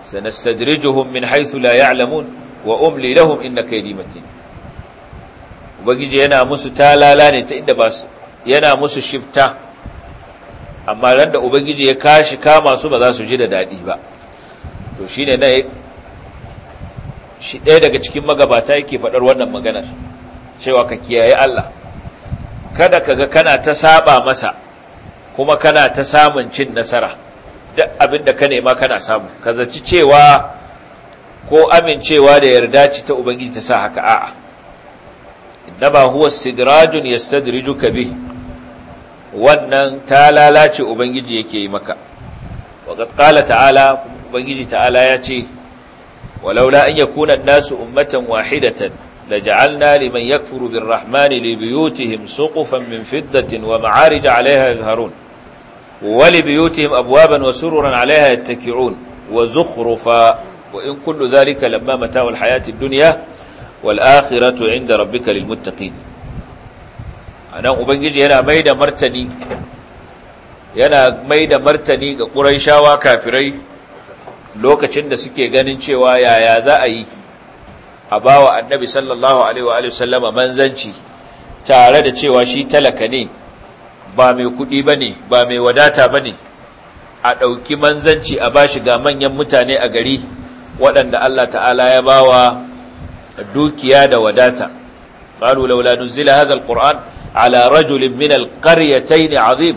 sanastadrijuhum min haisu la ya'lamun wa umli lahum inna kaydi matin ubangiji yana musu talala ne ta inda ba su yana musu shifta amma randa ubangiji ya kashi kama su ba za su ji da daɗi ba to shine na shi ɗaya daga cikin magabata yake faɗar wannan maganar cewa ka kiyaye Allah kada ka ga kana ta saba masa kuma kana ta samun cin nasara duk abin da ka nema kana samu ka zaci cewa ko amincewa da yarda ci ta Ubangiji ta sa haka a'a inna ma huwa sidrajun yastadrijuka bi wannan ta lalace Ubangiji yake yi maka wa qad qala Ubangiji ta'ala ya ce walaula an yakuna an-nasu ummatan wahidatan laja'alna liman yakfuru birrahmani li buyutihim suqufan min fiddatin wa ma'arij 'alayha yadhharun wa li buyutihim abwaban wa sururan 'alayha yattaki'un wa zukhrufa wa in kullu zalika lamma mata'ul hayatid dunya wal akhiratu inda rabbika lil muttaqin anan ubangiji yana mai da martani yana mai da martani ga ƙuraishawa kafirai lokacin da suke ganin cewa yaya za a yi a bawa annabi sallallahu alaihi wa manzanci tare da cewa shi talaka ne ba mai ba ne, ba mai wadata bane a ɗauki manzanci a ba shi ga manyan mutane a gari waɗanda Allah ta'ala ya bawa dukiya da wadata qalu laula nuzila al alquran ala rajulin min ne azim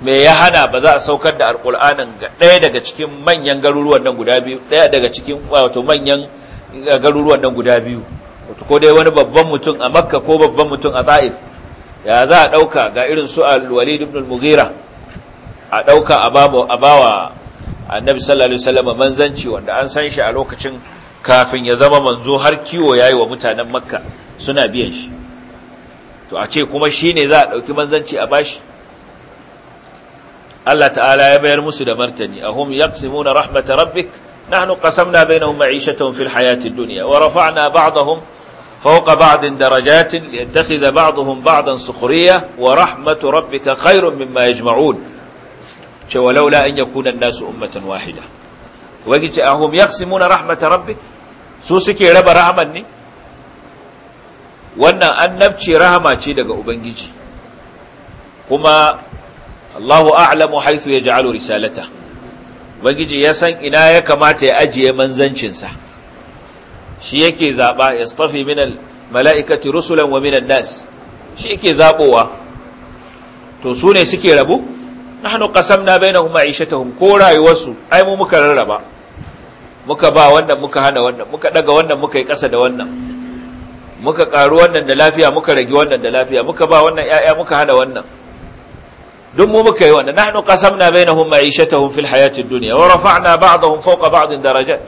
me ya hana ba za a saukar da alqur'anin ga ɗaya daga cikin manyan garuruwan nan guda biyu ɗaya daga cikin wato manyan garuruwan nan guda biyu wato ko dai wani babban mutum a makka ko babban mutum a ta'if ya za a ɗauka ga irin su al-walid ibn al-mughira a ɗauka a bawa annabi sallallahu alaihi wasallam manzanci wanda an san shi a lokacin kafin ya zama manzo har kiwo yayi wa mutanen makka suna biyan shi to a ce kuma shine za a dauki manzanci a bashi Allah ta'ala ya bayar musu da martani ahum yaqsimuna rahmat rabbik nahnu qasamna bainahum ma'ishatuhum fil hayati dunya wa rafa'na ba'dahum فوق بعض درجات ليتخذ بعضهم بعضا سخرية ورحمة ربك خير مما يجمعون ce in ya yakuna nasu ummatan wahida wagi ahum yaqsimuna rahmat su suke raba ne wannan annabci rahama ce daga ubangiji kuma Allahu a'lamu haythu yaj'alu risalata ubangiji ya san ina ya kamata ya ajiye manzancinsa shi yake zaba yastafi minal mala'ikati rusulan wa minan nas shi yake zabowa to su ne suke rabu nahnu qasamna bainahum ma'ishatahum ko rayuwarsu ai mu muka rarraba muka ba wannan muka hana wannan muka daga wannan muka yi kasa da wannan muka karu wannan da lafiya muka rage wannan da lafiya muka ba wannan yaya muka hana wannan duk mu muka yi wannan nahnu qasamna bainahum ma'ishatahum fil hayatid dunya wa rafa'na ba'dahum fawqa ba'din darajat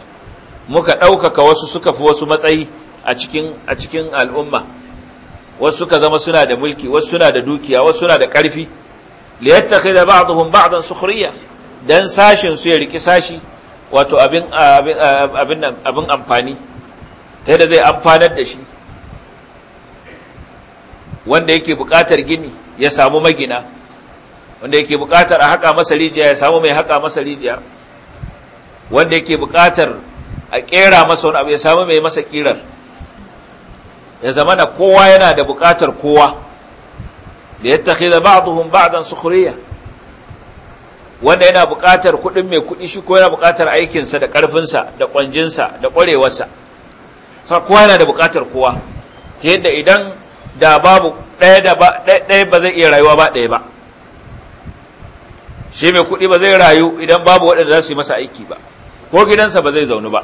muka ɗaukaka wasu suka fi wasu matsayi a cikin a cikin al'umma wasu suka zama suna da mulki wasu suna da dukiya wasu suna da ƙarfi liyattakhidha ba'dhum ba'dan sukhriya dan sashin su ya riki sashi wato abin abin abin amfani ta yadda zai amfanar da shi wanda yake buƙatar gini ya samu magina wanda yake buƙatar a haƙa masa rijiya ya samu mai haƙa masa rijiya wanda yake buƙatar a ƙera masa wani abu ya samu mai masa ƙirar ya zama na kowa yana da buƙatar kowa da ya tafi da ba'aduhun ba'adan sukuriya wanda yana buƙatar kuɗin mai kuɗi shi ko yana buƙatar aikinsa da ƙarfinsa da ƙwanjinsa da ƙwarewarsa sa kowa yana da buƙatar kowa ke yadda idan da babu ɗaya ba zai iya rayuwa ba ɗaya ba shi mai kuɗi ba zai rayu idan babu waɗanda za su yi masa aiki ba ko gidansa ba zai zaunu ba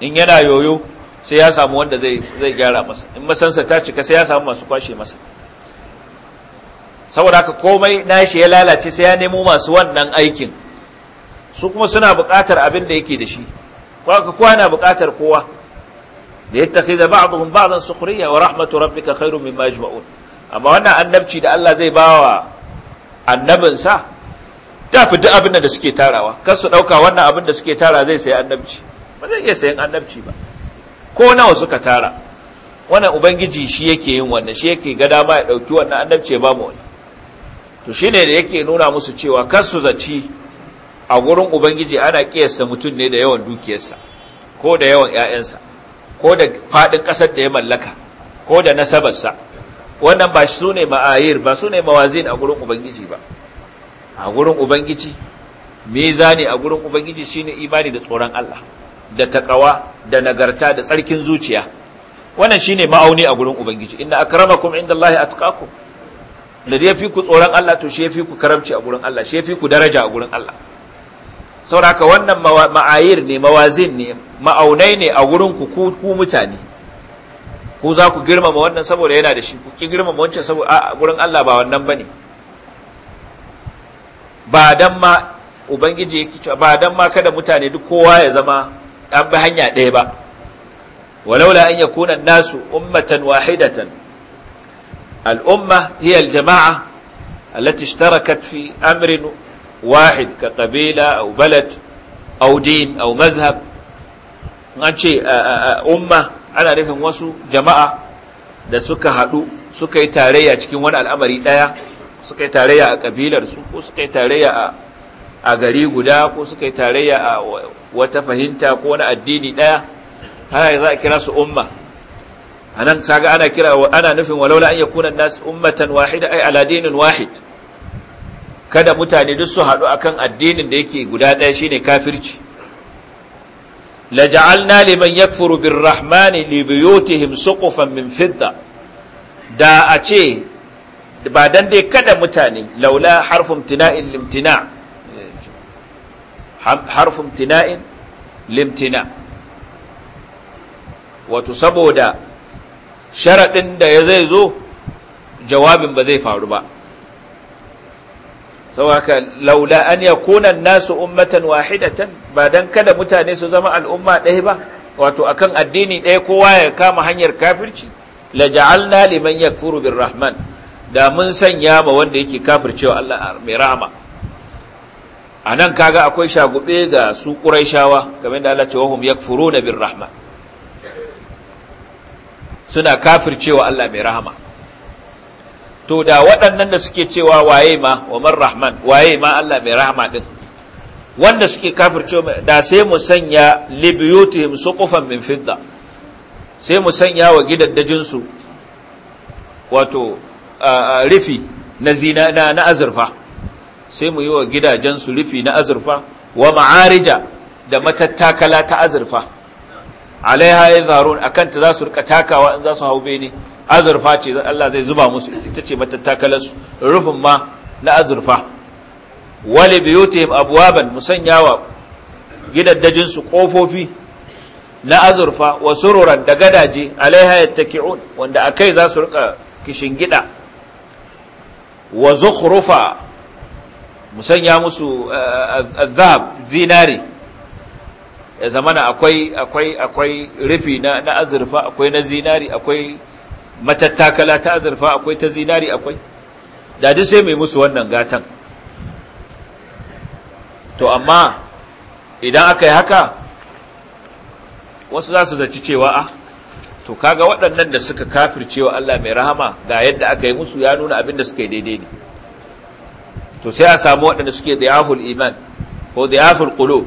in yana yoyo sai ya samu wanda zai gyara masa in masansa ta cika sai ya samu masu kwashe masa saboda haka komai nashi ya lalace sai ya nemo masu wannan aikin su kuma suna buƙatar abin da yake da shi kwaka kowa na buƙatar kowa da ya tafi da ba'aduhun ba'adun sukuriya wa rahmatu rabbika khairu min majma'un amma wannan annabci da Allah zai bawa annabinsa ta fi duk abin da suke tarawa kar su ɗauka wannan abin da suke tara zai sayi annabci ba zai iya sayan annabci ba ko nawa suka tara wannan ubangiji shi yake yin wannan shi yake ga dama ya ɗauki wannan annabci ya ba mu wani to shine da yake nuna musu cewa kar su zaci a gurin ubangiji ana kiyasta mutum ne da yawan dukiyarsa ko da yawan 'ya'yansa, ko da faɗin ƙasar da ya mallaka ko da nasabarsa wannan ba su ne ma'ayir ba su ne mawazin a gurin ubangiji ba a gurin ubangiji mizani a gurin ubangiji shine imani da tsoron Allah da taƙawa, da nagarta da tsarkin zuciya wannan shine ma'auni a gurin ubangiji inna akramakum indallahi atqakum da ya fi ku tsoron Allah to shi ya fi ku karamci a gurin Allah shi ya fi ku daraja a gurin Allah sauraka wannan ma'ayir ne mawazin ne ma'aunai ne a gurin ku ku mutane ku za ku girmama wannan saboda yana da shi ku ki girmama wancan saboda a gurin Allah ba wannan bane ba dan ma ubangiji yake cewa ba dan ma kada mutane duk kowa ya zama an bi hanya ɗaya ba walaula an yakuna nasu ummatan wahidatan الأمة هي الجماعة التي اشتركت في أمر واحد كقبيلة أو بلد أو دين أو مذهب أنشي أمة أنا نفهم وسو جماعة da suka haɗu suka yi tarayya cikin wani al'amari ɗaya suka yi tarayya a ƙabilarsu ko suka yi tarayya a gari guda ko suka yi tarayya a wata fahimta ko wani addini ɗaya haka za a kira su umma anan kaga ana kira ana nufin walaula an yakuna nas ummatan wahida ay ala dinin wahid kada mutane duk su haɗu akan addinin da yake guda ɗaya shine kafirci la ja'alna liman yakfuru birrahmani li buyutihim suqufan min fidda da a ce ba dan dai kada mutane laula harfun tina'in limtina eh, limtina wato saboda sharaɗin da ya zai zo jawabin ba zai faru ba saboda laula an ya kunan nasu ummatan wahidatan ba don kada mutane su zama al'umma ɗaya ba wato akan addini ɗaya kowa ya kama hanyar kafirci la ja'alna liman yakfuru birrahman da mun sanya ma wanda yake kafircewa Allah mai rahama anan kaga akwai shagube ga su quraishawa kamar da Allah ce wahum yakfuruna birrahman suna cewa Allah mai rahama to da waɗannan da suke cewa waye ma wa rahman waye ma Allah mai rahama ɗin wanda suke mai da sai mu sanya libiyutihim suqufan min fidda sai mu sanya wa gidaddajinsu wato rifi na zina na azurfa sai mu yi wa gidajensu rufi na azurfa wa ma'arija da matattakala ta azurfa alaiha zaro a kanta za su rika takawa in za su hau bene azurfa ce Allah zai zuba musu ita ce mata takalarsu rufin ma na azurfa wale biyutihim abwaban musanyawa wa su kofofi na azurfa wa sururan da gadaje alaiha yattaki'un wanda kai za su rika kishingida wa zukhrufa musanya musu eh, azab zinari ya zamana akwai akwai akwai rufi na na azurfa akwai na zinari akwai matattakala ta azurfa akwai ta zinari akwai da duk sai mai musu wannan gatan to amma idan aka yi haka wasu za su zaci cewa a ah, to kaga waɗannan da suka kafircewa Allah mai rahama ga yadda aka yi musu ya nuna abin da suka yi daidai ne to sai a samu waɗanda suke diyaful iman ko diyaful qulub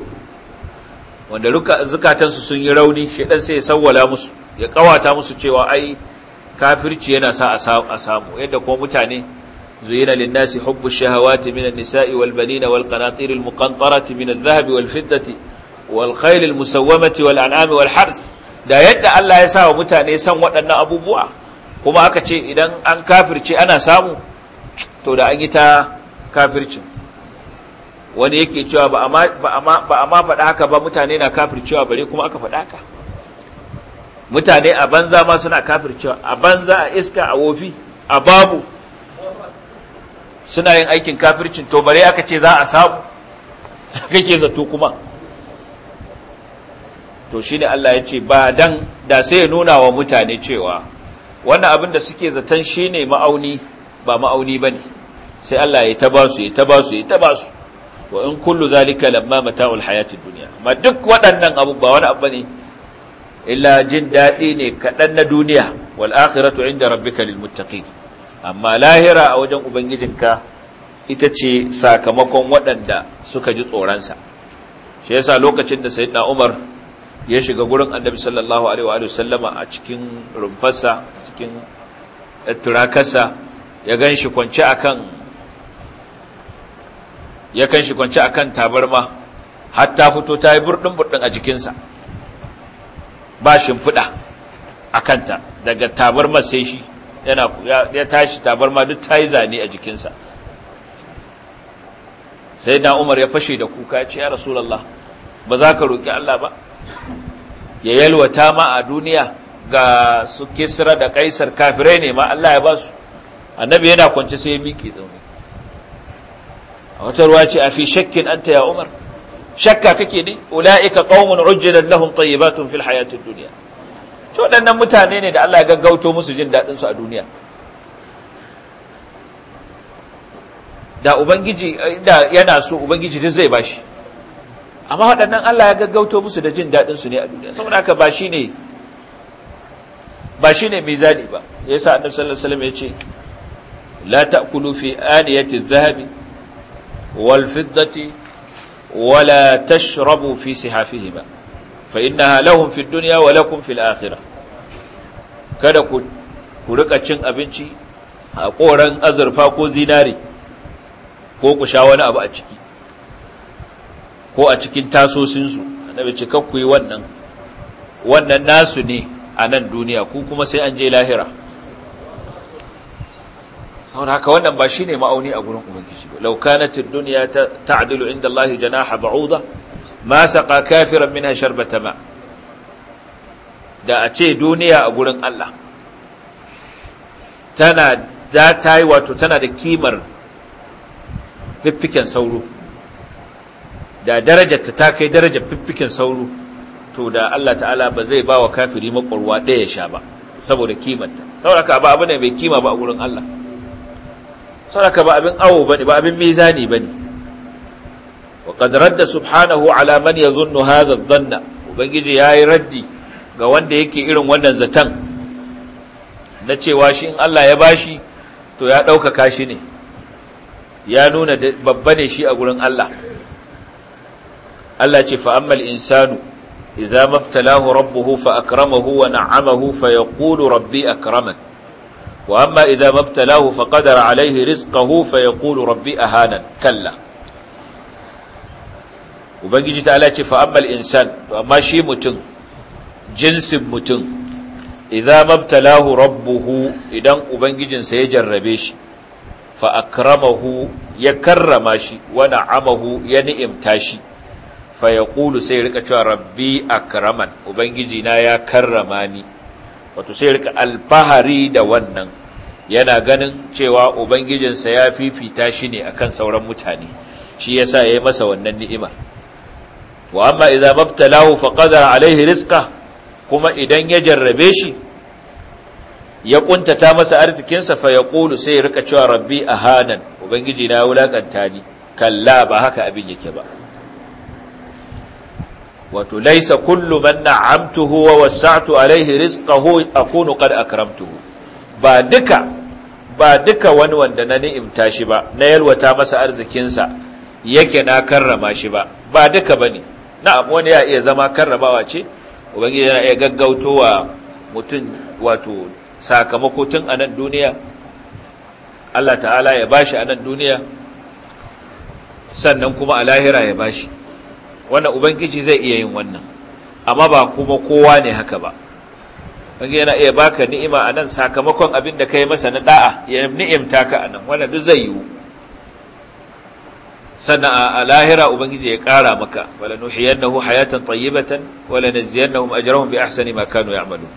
wanda zukatansu sun yi rauni shaidan sai ya musu ya kawata musu cewa ai kafirci yana sa a samu yadda kuma mutane zuyina linnasi hubbu shahawati min an-nisa'i wal banina wal qanatir al muqantarati min adh-dhahabi wal fiddati wal khayl al musawwamati wal an'ami wal hars da yadda Allah ya sa wa mutane san waɗannan abubuwa kuma aka ce idan an kafirce ana samu to da an yi ta kafircin wani yake cewa ba a ma faɗa haka ba mutane na cewa bare kuma aka faɗa haka mutane a banza ma suna cewa. a banza a iska a wofi a babu suna yin aikin kafircin to bare aka ce za a samu kake zato kuma to shi ne Allah ya ce ba dan da sai ya nuna wa mutane cewa wannan abin da suke zaton shi ne ma'auni ba ma'auni ba ne? sai Allah ya taba su, ya taba su, ya taba su. wa in kullu zalika lamma mata'ul hayatid dunya amma duk waɗannan abubuwa wani abu ne illa jin daɗi ne kaɗan na duniya wal akhiratu inda rabbika lil muttaqin amma lahira a wajen ubangijinka ita ce sakamakon waɗanda suka ji tsoronsa shi yasa lokacin da sayyidina Umar ya shiga gurin Annabi sallallahu alaihi wa sallama a cikin rumfarsa cikin turakarsa ya ganshi kwance akan ya kan shi kwanci kan tabarma hatta fito ta yi burɗin-burɗin a jikinsa ba shimfiɗa a kanta daga tabarma sai shi yana ya tashi tabarma duk ta yi zane a jikinsa sai na umar ya fashe da kuka ya ce ya rasulallah ba za ka roƙi Allah ba ya yalwata ma a duniya ga su kisra da kaisar kafirai ne ma Allah ya ba su annabi yana kwance sai ya miƙe zaune wata ruwa ce a fi shakkin anta ya umar shakka kake ne ula'ika qaumun ujjilat lahum tayyibatun fil hayatid dunya to waɗannan mutane ne da Allah ya gaggauto musu jin daɗin su a duniya da ubangiji da yana so ubangiji duk zai bashi amma waɗannan Allah ya gaggauto musu da jin daɗin su ne a duniya saboda haka ba shine ba shine mizani ba yasa annabi sallallahu alaihi wasallam ya ce la ta'kulu fi aniyati dhahabi والفضة ولا تشربوا في سحافهما فإنها لهم في الدنيا ولكم في الآخرة kada ku rika cin abinci a koran azurfa ko zinare ko ku sha wani abu a ciki ko a cikin tasosinsu annabi ce yi wannan wannan nasu ne a nan duniya ku kuma sai an je lahira saboda haka wannan ba shine ma'auni a gurin ubangiji ba law kanat ad-dunya ta'dilu inda Allah janaha ba'uda ma saqa kafiran minha sharbata ma da a ce duniya a gurin Allah tana da ta wato tana da kimar fiffiken sauro da darajarta ta kai darajar fiffiken sauro to da Allah ta'ala ba zai ba wa kafiri makwarwa ɗaya ya sha ba saboda kimarta saboda ka ba abu ne mai kima ba a gurin Allah saraka ba abin awo bane ba abin mizani bane wa qad radda subhanahu ala man yadhunnu hadha adh-dhanna ubangiji yayi raddi ga wanda yake irin wannan zaton. na cewa shi in Allah ya bashi to ya ɗaukaka shi ne ya nuna babba ne shi a gurin Allah Allah ce fa'ammal insanu Iza maftalahu rabbuhu fa akramahu wa na'amahu fa yaqulu rabbi akraman wa amma idza mabtalahu faqadara alaihi rizqahu fayaqulu rabbi ahana kalla ubangiji ta ala ce fa amma al-insan amma shi mutum jinsin mutum idza mabtalahu rabbuhu idan ubangijinsa ya jarrabe shi fa akramahu ya karrama shi wa na'amahu ya ni'imta shi fa yaqulu sai rika cewa rabbi akraman ubangiji na ya karrama ni wato sai rika alfahari da wannan yana ganin cewa ubangijinsa ya fifita shi ne akan sauran mutane shi yasa yi masa wannan ni'ima wa amma idza mabtalahu faqadara alaihi rizqa kuma idan ya jarrabe shi ya kuntata masa arzikinsa fa yaqulu sai rika cewa rabbi ahanan ubangiji na wulakanta ni kalla ba haka abin yake ba wato laisa kullu man na'amtuhu wa wasa'tu alaihi rizqahu akunu qad akramtuhu ba duka ba duka wani wanda na ni'imta shi ba na yalwata masa arzikinsa yake na karrama shi ba ba duka bane na'am wani ya iya zama karramawa ce ubangiji yana iya gaggautowa mutum wato sakamako tun anan duniya Allah ta'ala ya bashi anan duniya sannan kuma a lahira ya bashi wannan ubangiji zai iya yin wannan amma ba kuma kowa ne haka ba wani yana iya baka ni'ima a nan sakamakon abin da ka yi masa na da'a ya ni'imta ka a nan wannan duk zai yiwu sannan a lahira ubangiji ya ƙara maka wala nuhiyannahu hayatan tayyibatan wala najziyannahum ajrahum bi ahsani ma kanu ya'malun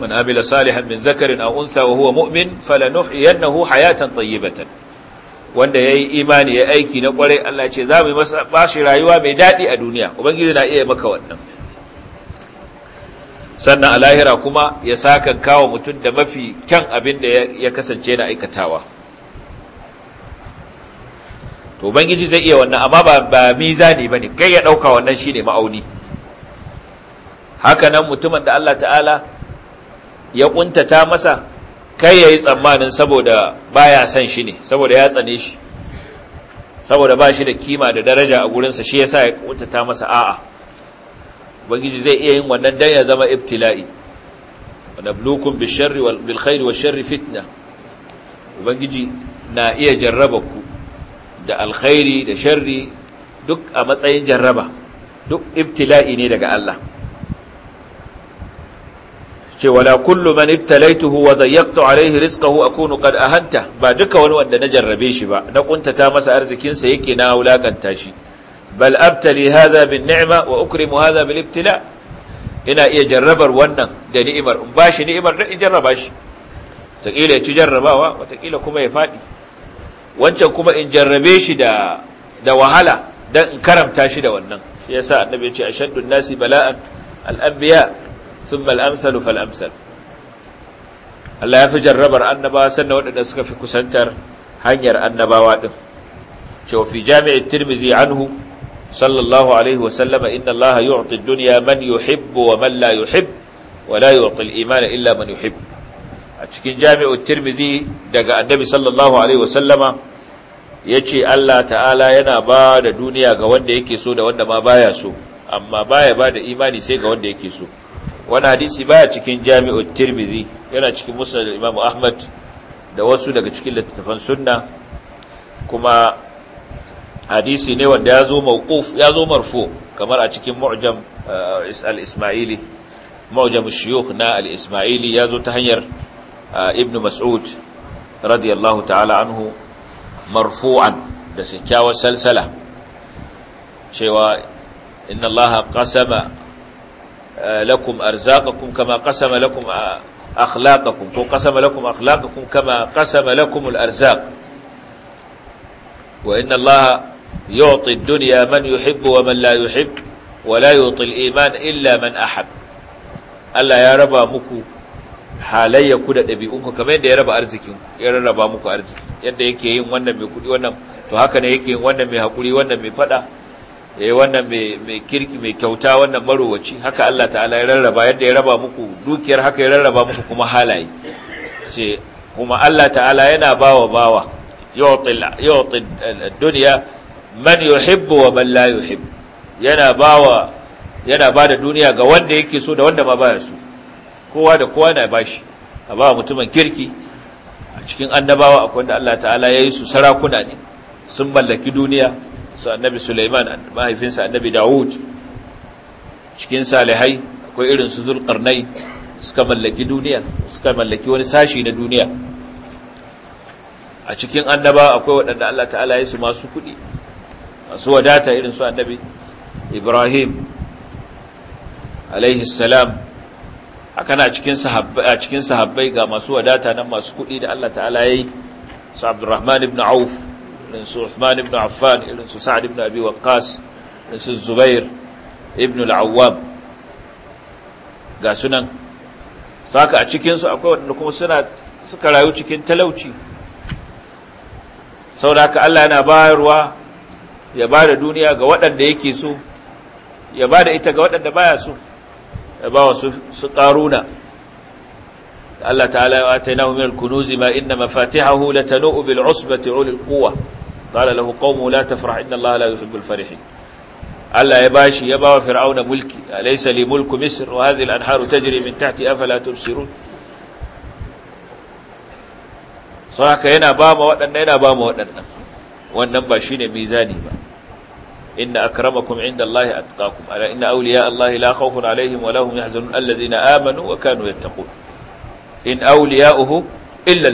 من salihan min من ذكر أو أنثى وهو مؤمن فلنحيينه حياة طيبة wanda ya yi imani ya aiki na kwarai Allah ce za mu yi masa bashi rayuwa mai daɗi a duniya ubangiji na iya maka wannan sannan a lahira kuma ya sakan kawo mutum da mafi kyan abin da ya kasance na aikatawa to ubangiji zai iya wannan amma ba ba ne, bane kai ya ɗauka wannan shine ma'auni haka nan mutumin da Allah ta'ala ya ƙuntata masa kai ya yi tsammanin saboda ba ya son shi ne saboda ya tsane shi saboda ba shi da kima da daraja a gurinsa shi ya sa ya kuntata masa a'a ubangiji zai iya yin wannan dan ya zama ibtila'i wa nablukum bisharri wal bil sharri fitna ubangiji na iya jarraba ku da alkhairi da sharri duk a matsayin jarraba duk ibtila'i ne daga Allah ce wala kullu man ibtalaituhu wa dayyaqtu alayhi rizqahu akunu qad ahanta ba duka wani wanda na jarrabe shi ba na kuntata masa arzikin sa yake na wulakanta shi bal abtali hadha bin ni'ma wa ukrimu hadha bil ibtila ina iya jarrabar wannan da ni'imar in ba shi ni'imar da in jarraba shi takila ya ci jarrabawa watakila kuma ya fadi wancan kuma in jarrabe shi da da wahala dan in karamta shi da wannan shi yasa annabi ya ce ashaddun nasi bala'an al-anbiya Sun al-amsalu fal-amsal Allah ya fi jarrabar annabawa sannan waɗanda suka fi kusantar hanyar annabawa din cewa fi tirmizi anhu sallallahu alaihi wa sallama Allah yu'ti ad-dunya man yuhibbu wa man la yuhib wa la yu'ti al illa man yuhib a cikin jami'u tirmizi daga annabi sallallahu alaihi wa sallama ce Allah ta'ala yana ba da duniya ga wanda yake so da wanda ma baya so amma baya ba da imani sai ga wanda yake so wani hadisi baya cikin jami'ut tirmidhi yana cikin musnad imam ahmad da wasu daga cikin littattafan sunna kuma hadisi ne wanda ya zo mawquf ya zo marfu kamar a cikin mu'jam uh, al-isma'ili mu'jam shuyukh na al-isma'ili ya zo ta hanyar uh, ibnu mas'ud radiyallahu ta'ala anhu marfu'an da kyakkyawar salsala cewa inna allaha qasama lakum arzaqakum kama qasama lakum akhlaqakum ko qasama lakum akhlaqakum kama qasama lakum al wa inna allaha yu'ti ad man yuhibbu wa man la yuhibbu wa la iman illa man ahab Allah ya raba muku halayyaku da ɗabi'unku kamar yadda ya raba arzikin ya rarraba muku arziki yadda yake yin wannan mai kuɗi wannan to haka ne yake yin wannan mai haƙuri wannan mai faɗa eh wannan mai kirki mai kyauta wannan marowaci haka Allah ta'ala ya rarraba yadda ya raba muku dukiyar haka ya rarraba muku kuma halaye ce kuma Allah ta'ala yana bawa bawa yu'til yu'til ad-dunya eh, man yuhibbu wa man la yuhibbu yana bawa yana bada duniya ga wanda yake so da wanda ma baya so kowa da kowa na bashi a ba mutumin kirki a cikin annabawa akwai wanda Allah ta'ala ya yi su sarakuna ne sun mallaki duniya su annabi Sulaiman mahaifinsa annabi Dawud cikin salihai akwai irin su Zulqarnai suka mallaki duniya suka mallaki wani sashi na duniya a cikin annaba akwai waɗanda Allah ta'ala ya su masu kuɗi masu wadata irin su annabi Ibrahim alaihi salam a cikin sahabbai ga masu wadata nan masu kuɗi da Allah ta'ala ya yi su Abdurrahman ibn Auf irin su Uthman ibn Affan irin su Sa'ad ibn Abi Waqqas irin su Zubair ibn al awwam ga sunan saka a cikin su akwai wanda kuma suna suka rayu cikin talauci saboda haka Allah yana bayarwa ya bada duniya ga waɗanda yake so ya bada ita ga waɗanda baya so ya ba wa su ƙaruna Allah ta'ala ya ta nahu min al-kunuzi ma inna mafatihahu latanu bil usbati ulil quwwa qala lahu qawmu la tafrah inna allaha la yuhibbul farihin Allah ya bashi ya bawa fir'auna mulki alaysa li mulku misr wa hadhihi al-anharu tajri min tahti afala tubsirun saka yana ba ma waɗannan yana ba ma waɗannan wannan ba shine mizani ba inna akramakum indallahi atqakum ala inna awliya allahi la khawfun alaihim wa lahum yahzanun allazina amanu wa kanu yattaqun in illa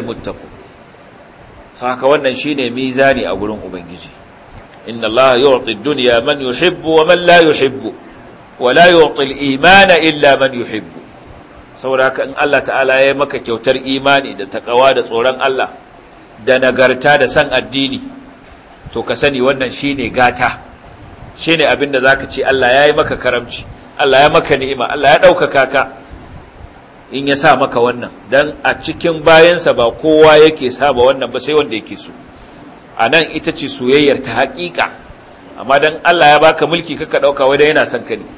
saka wannan shine mizani a gurin ubangiji inna allaha yu'ti ad-dunya man yuhibbu wa man la yuhibbu wa la yu'ti imana illa man yuhibbu sauraka in Allah ta'ala ya yi maka kyautar imani da takawa da tsoron Allah da nagarta da san addini to ka sani wannan shine gata shine abinda zaka ce Allah yayi maka karamci Allah ya maka ni'ima Allah ya ɗaukaka ka in ya sa maka wannan don a cikin bayansa ba kowa yake sa ba wannan ba sai wanda yake so a nan ita ce soyayyar ta haƙiƙa amma don allah ya baka mulki kaka ɗauka wadda yana son ka ne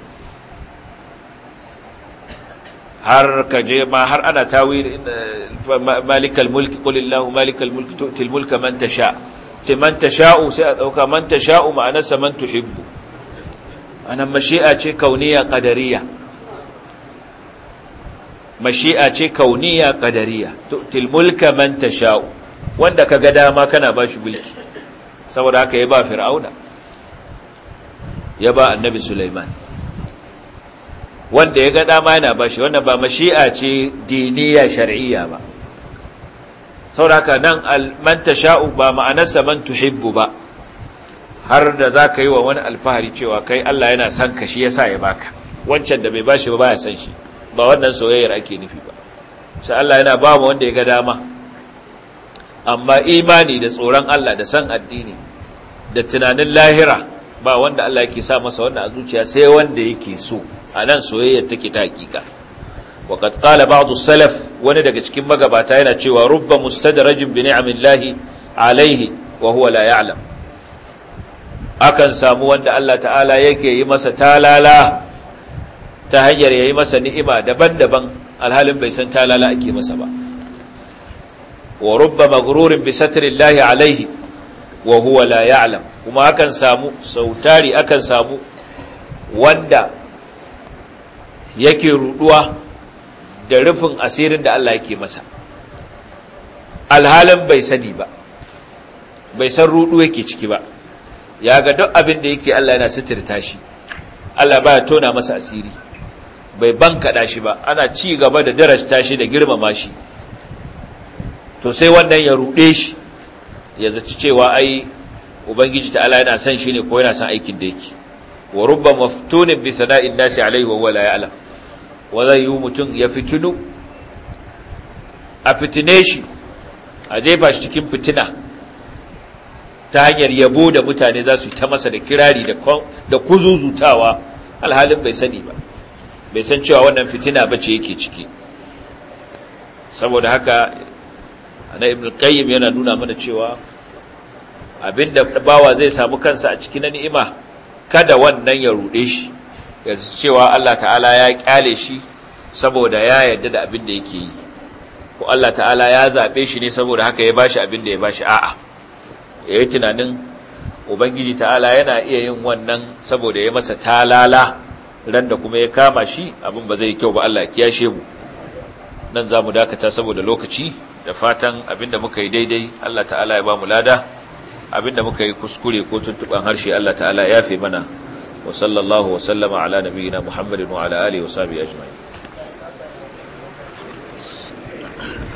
har ka je ma har ana tawi malikal mulki ƙulillahu malikal mulki tu'til mulka man sha, ce man sha'u sai a ɗauka man sha'u ma'anarsa man tuhibbu nan mashi'a ce kauniya ƙadariya. mashi'a ce kauniya kadariya. tu'til mulka man tasha'u wanda kaga dama kana bashi mulki saboda haka ya ba fir'auna ya ba annabi sulaiman wanda ya ga dama yana bashi wannan ba mashi'a ce diniya shar'iyya ba saboda haka nan man tasha'u ba ma'anarsa man tuhibbu ba har da za ka yi wa wani alfahari cewa kai Allah yana son ka shi ya sa ya baka wancan da bai bashi ba ya son shi ba wannan soyayyar ake nufi ba sai Allah yana ba mu wanda ya ga dama amma imani da tsoron Allah da san addini da tunanin lahira ba wanda Allah yake sa masa wannan a zuciya sai wanda yake so a nan soyayyar take ta hakika وقد qala ba'du salaf wani daga cikin magabata yana cewa rubba mustadrajin bi ni'amillahi alaihi wa huwa la ya'lam akan samu wanda Allah ta'ala yake yi masa talala ta hanyar yayi masa ni'ima daban-daban alhalin bai san talala ake masa ba wa rubba maghrurin bi lahi alaihi wa huwa la ya'lam kuma akan samu sautari akan samu wanda yake ruduwa da rufin asirin da Allah yake masa alhalin bai sani ba bai san rudu yake ciki ba ya ga duk abin da yake Allah yana sitirta shi Allah baya tona masa asiri bai bankaɗa shi ba ana ci gaba da darasta shi da girmama shi to sai wannan ya rude shi ya zaci cewa ai ubangiji ta'ala yana san shi ne ko yana son aikin da yake wa rubba maftunin bi sana'in nasi alaihi wa wala ya'la wa zai yi mutum ya fitinu a fitine shi a jefa shi cikin fitina ta hanyar yabo da mutane za su yi ta masa da kirari da kuzuzutawa alhalin bai sani ba bai san cewa wannan fitina bace yake ciki saboda haka ana ibn qayyim yana nuna mana cewa abinda bawa zai samu kansa a cikin ni'ima kada wannan ya rude shi ya cewa Allah ta'ala ya kyale shi saboda ya yarda da abinda yake yi ko Allah ta'ala ya zabe shi ne saboda haka ya bashi abinda da ya bashi a'a yayi tunanin ubangiji ta'ala yana iya yin wannan saboda ya masa talala ran da kuma ya kama shi abin ba zai kyau ba Allah ya kiyashe mu nan za mu dakata saboda lokaci da fatan abinda muka yi daidai Allah ta'ala ya ba mu lada abinda muka yi kuskure ko tuntuban harshe Allah ta'ala ya yafe mana wa sallallahu wa sallama ala nabiyyina Muhammadin wa ala alihi wa sahbihi ajma'in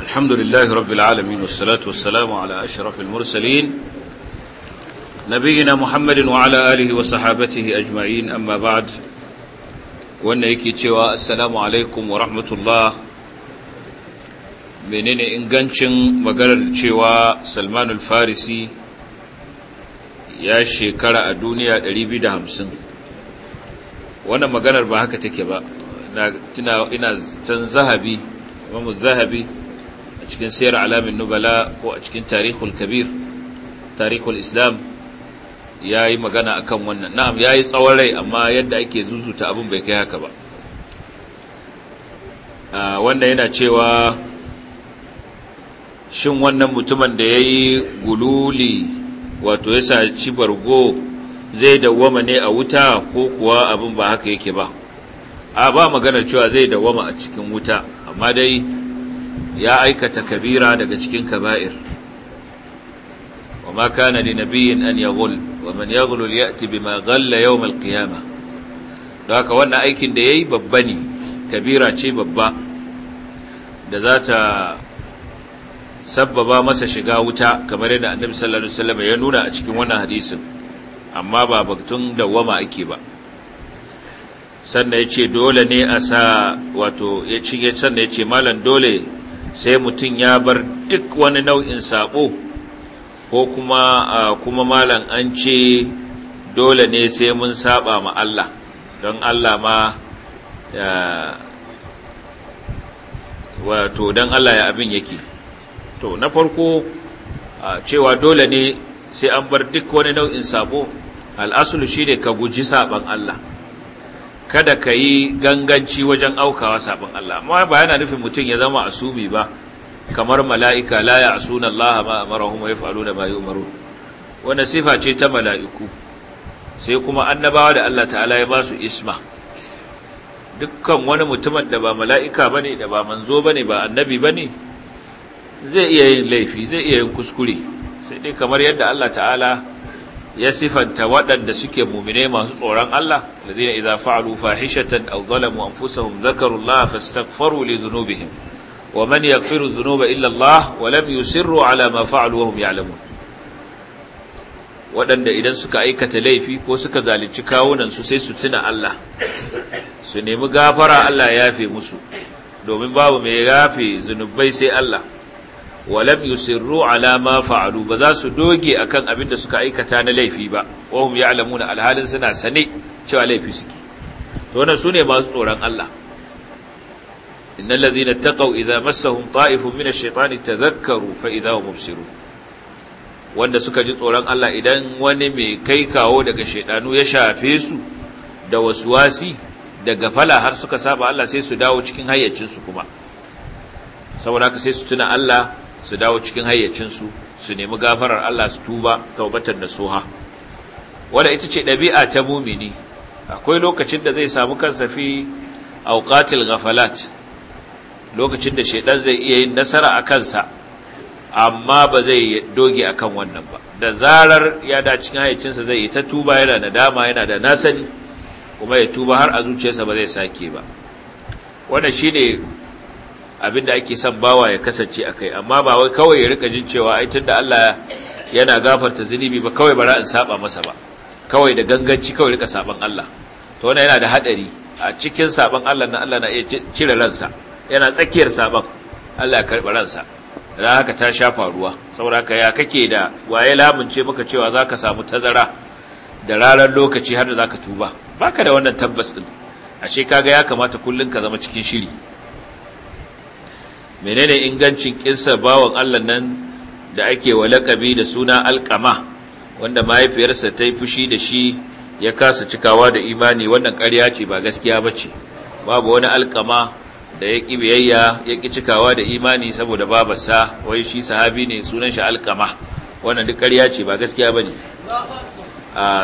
alhamdulillahi rabbil alamin wassalatu wassalamu ala ashrafil mursalin nabiyina Muhammadin wa ala alihi wa sahbihi ajma'in amma ba'd wanda yake cewa assalamu alaikum wa rahmatullah menene ingancin maganar cewa salmanul farisi ya shekara a duniya 250 wannan maganar ba haka take ba ina can zahabi imamu zahabi a cikin sayar alamin nubala ko a cikin tarihul kabir tarihul islam ya yi magana akan wannan na'am ya yi tsawon rai amma yadda ake zuzuta abin bai kai haka ba ah, Wannan yana cewa shin wannan mutumin da ya yi gululi wato ya saci bargo zai dawwama ne a wuta ko kuwa abin ba haka yake ba a ba maganar cewa zai dawwama a cikin wuta amma dai ya aikata kabira daga cikin kaba'ir wa ma kana li nabiyyin an yaghul wa man da ya'ti bima ghalla yawm don haka wannan aikin da yayi babba ne kabira ce babba da za ta sabbaba masa shiga wuta kamar yadda annabi sallallahu alaihi wasallam ya nuna a cikin wannan hadisin amma ba baktun dawama ake ba sannan yace dole ne a sa wato ya sannan yace ce malam dole sai mutum ya bar duk wani nau'in sabo ko kuma kuma malam an ce dole ne sai mun saba ma Allah don Allah ma wato don Allah ya abin yake to na farko cewa dole ne sai an bar duk wani nau'in sabo al'asulu shi ne ka guji saban Allah kada ka yi ganganci wajen aukawa saban Allah amma ba yana nufin mutum ya zama asumi ba kamar mala'ika la ya asuna Allah ma amarahum wa yaf'aluna ma yu'marun wannan sifa ce ta mala'iku sai kuma annabawa da Allah ta'ala ya ba su isma dukkan wani mutumin da ba mala'ika ne, da ba manzo ne, ba annabi ne, zai iya yin laifi zai iya yin kuskure sai dai kamar yadda Allah ta'ala ya sifanta waɗanda suke mumine masu tsoron Allah ladina iza fa'alu fahishatan aw zalamu hum dhakaru Allah fastaghfiru li dhunubihim wa man yaghfiru dhunuba illallah walam wa lam yusirru ala wa waɗanda idan suka aikata laifi ko suka zalunci kawunan su sai su tuna Allah su nemi gafara Allah ya yafe musu domin babu mai yafe zunubai sai Allah walam yusirru ala ma fa'alu ba za su doge akan abin da suka aikata na laifi ba wahum ya'lamuna alhalin suna sane cewa laifi suke to wannan sune masu tsoron Allah innal na taqaw idza massahum ta'ifun min ash-shaytani tadhakkaru fa idza wanda suka ji tsoron Allah idan wani mai kai kawo daga shaiɗanu ya shafe su da wasi daga fala har suka saba Allah sai su dawo cikin hayyacinsu kuma saboda haka sai su tuna Allah su dawo cikin hayyacinsu, su nemi gafarar Allah su tuba taubatar soha. wanda ita ce dabi'a ta mumini akwai lokacin da zai samu kansa fi auqatil ghafalat lokacin da shaidan zai iya yin nasara a kansa amma ba zai doge akan wannan ba da zarar ya da cikin hayacinsa zai yi ta tuba yana da dama yana da nasani kuma ya tuba har a zuciyarsa ba zai sake ba wannan shine abin da ake son bawa ya kasance a kai, amma ba wai kawai ya rika jin cewa ai tunda Allah yana gafarta zunubi ba kawai bara in saba masa ba kawai da ganganci kawai rika saban Allah to wannan yana da hadari a cikin saban Allah na Allah na iya cire ransa yana tsakiyar saban Allah ya karɓi ransa da haka ta sha faruwa ka ya kake da waye lamunce maka cewa za ka samu tazara da ranar lokaci har da za ka tuba ba ka da wannan tabbas ɗin ashe kaga ya kamata kullum ka zama cikin shiri menene ingancin ƙinsa bawan allah nan da ake wa laƙabi da suna alƙama wanda mahaifiyarsa ta yi fushi da shi ya kasa cikawa da imani wannan ƙarya ce ba gaskiya ba ce babu wani alƙama da ya ƙi biyayya ya ƙi cikawa da imani saboda babarsa wai shi sahabi ne sunan shi alƙama wannan duk ƙarya ce ba gaskiya ba ne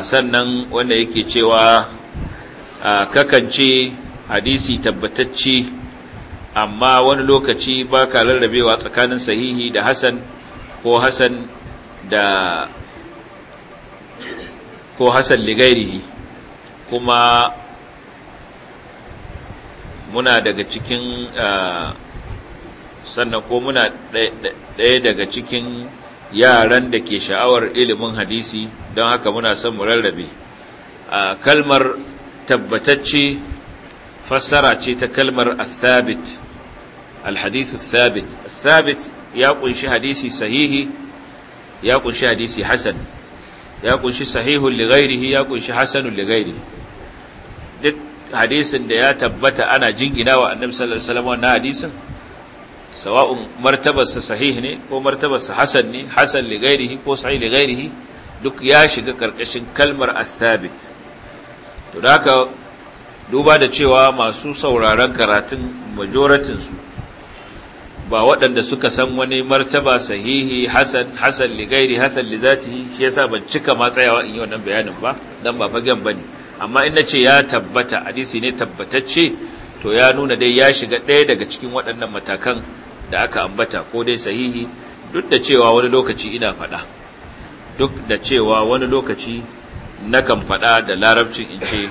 sannan wanda yake cewa kakance hadisi tabbatacce amma wani lokaci ba ka rarrabewa tsakanin sahihi da hasan ko hasan da ko Hassan ligairihi kuma muna daga cikin ah, sannan ko muna ɗaya daga cikin yaran da ke sha'awar ilimin hadisi don haka muna son mu rarrabe ah, kalmar tabbatacce fassara ce ta kalmar al-thabit al-hadith thabit thabit ya kunshi hadisi sahihi ya kunshi hadisi hasan ya kunshi sahihun li ya kunshi hasanun li hadisin da ya tabbata ana jingina wa annabi sallallahu alaihi wasallam na hadisin sawa'un martabarsa sahih ne ko martabarsa hasan ne hasan li ghairihi ko sahih li ghairihi duk ya shiga karkashin kalmar asabit. to da haka duba da cewa masu sauraron karatun majoratin su ba waɗanda suka san wani martaba sahihi hasan hasan li ghairi hasan li zatihi shi yasa ban cika ma tsayawa in yi wannan bayanin ba dan ba fagen bane amma in ce ya tabbata hadisi ne tabbatacce to ya nuna dai ya shiga ɗaya daga cikin waɗannan matakan da aka ambata ko dai sahihi duk da cewa wani lokaci ina faɗa duk da cewa wani lokaci nakan faɗa da larabcin in ce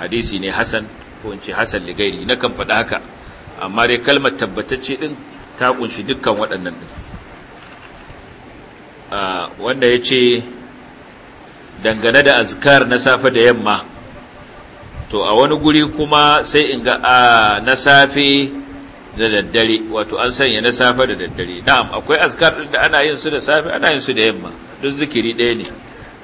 hadisi ne hasan ko in ce hasan ligairi nakan faɗa haka amma dai kalmar tabbatacce ɗin ta kunshi dukkan waɗannan ɗin ah, wanda ya ce dangane da azkar na safe da yamma to a wani guri kuma sai in ga a na safe da daddare wato an sanya na safe da daddare na'am akwai azkar din da ana yin su da safe ana yin su da yamma duk zikiri ɗaya ne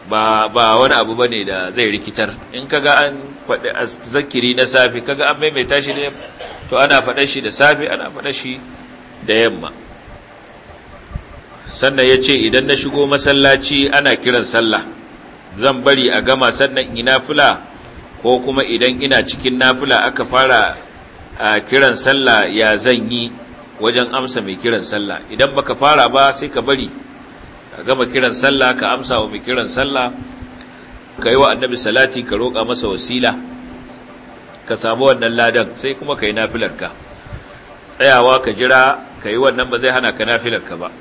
ba ba wani abu bane da zai rikitar in kaga an faɗi zikiri na safe kaga an maimaita shi da yamma to ana faɗa shi da safe ana faɗa shi da yamma sannan ya ce idan na shigo masallaci ana kiran sallah zan bari a gama sannan ina fula ko kuma idan ina cikin nafila aka fara a kiran sallah ya zan yi wajen amsa mai kiran sallah idan baka fara ba sai ka bari ka gama kiran sallah ka amsa wa mai kiran sallah ka yi wa annabi salati ka roƙa masa wasila ka samu wannan ladan sai kuma ka yi nafilarka tsayawa ka jira ka yi wannan ba zai hana ka nafilarka ba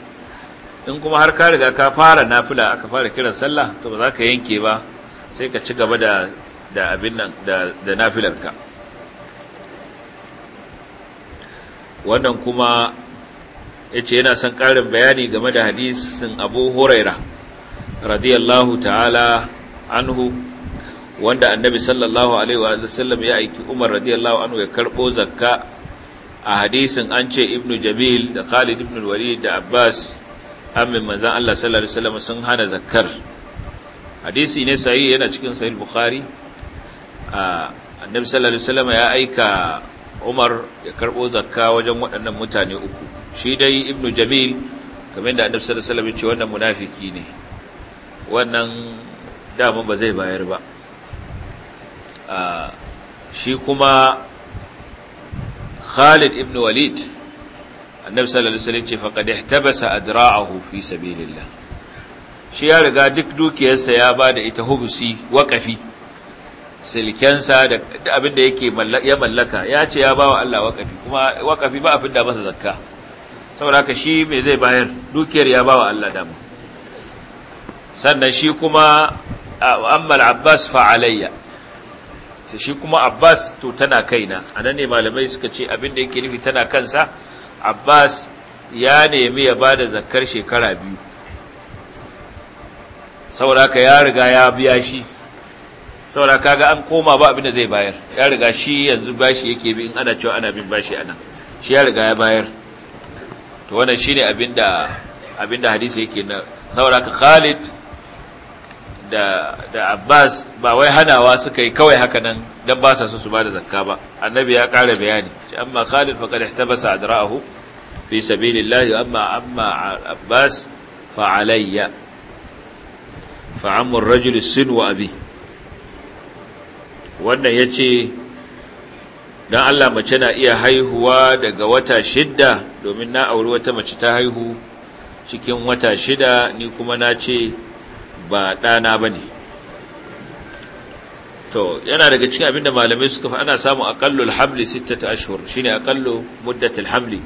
in kuma har ka riga ka fara nafila aka fara kiran sallah to ba za ka yanke ba sai ka ci gaba da da abin nan da nafilarka wannan kuma ya ce yana son ƙarin bayani game da hadisin abu huraira radiyallahu ta'ala anhu wanda annabi sallallahu alaihi wa sallam ya aiki umar radiyallahu anhu ya karɓo zakka a hadisin an ce Ibn jamil da khalid ibn walid da abbas amin manzan allah sallallahu alaihi wa sallam sun hana zakkar hadisi ne sayi yana cikin sahih bukhari annabi sallallahu alaihi wasallam ya aika Umar ya karbo zakka wajen waɗannan mutane uku shi dai ibnu jamil kamar yadda annabi sallallahu alaihi wasallam ya ce wannan munafiki ne wannan damun ba zai bayar ba shi kuma Khalid ibn Walid annabi sallallahu alaihi wasallam ce faqad ihtabasa adra'ahu fi sabilillah shi ya riga duk dukiyarsa ya bada ita hubusi waqafi silkensa da abin da yake ya mallaka ya ce ya bawa Allah wakafi kuma wakafi ba a da masa zakka saboda ka shi me zai bayar dukiyar ya bawa Allah dama sannan shi kuma amma abbas fa alayya shi kuma Abbas to tana kaina anan ne malamai suka ce abin da yake nufi tana kansa Abbas ya nemi ya bada zakkar shekara biyu saboda ka ya riga ya biya shi saboda kaga an koma ba abin da zai bayar ya riga shi yanzu bashi yake bi in ana cewa ana bin bashi ana shi ya riga ya bayar to wannan shine abin da abin da hadisi yake na saboda ka Khalid da da Abbas ba wai hanawa suka yi kawai haka nan dan ba sa so su bada zakka ba annabi ya kare bayani shi amma Khalid faqad ihtabasa adra'ahu fi sabilillah amma amma Abbas fa alayya fa amru ar-rajul sin wa abi wannan ya ce don Allah mace na iya haihuwa daga wata shidda domin na auri wata mace ta haihu cikin wata shida ni kuma na ce ba ɗana ba ne to yana daga cikin abinda malamai suka fi ana samun sita ta ashur shi shine aƙallu muddatul hamli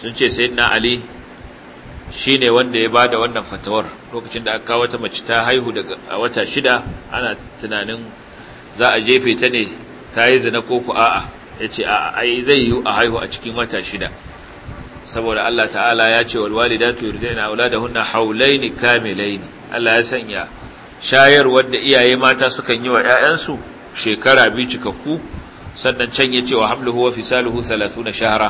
sun ce sai na ali shi ne wanda ya ba da wannan fatawar lokacin da aka kawo wata mace ta haihu daga a wata shida ana tunanin za a jefe ta ne ta yi zina ko ku a'a ya ce a'a ai zai yi a haihu a cikin wata shida saboda Allah ta'ala ya ce wal walidatu da auladahunna haulaini kamilaini Allah ya sanya shayar wadda iyaye mata sukan yi wa 'ya'yansu shekara biyu cikakku sannan can ya ce wa hamluhu wa fisaluhu 30 shahra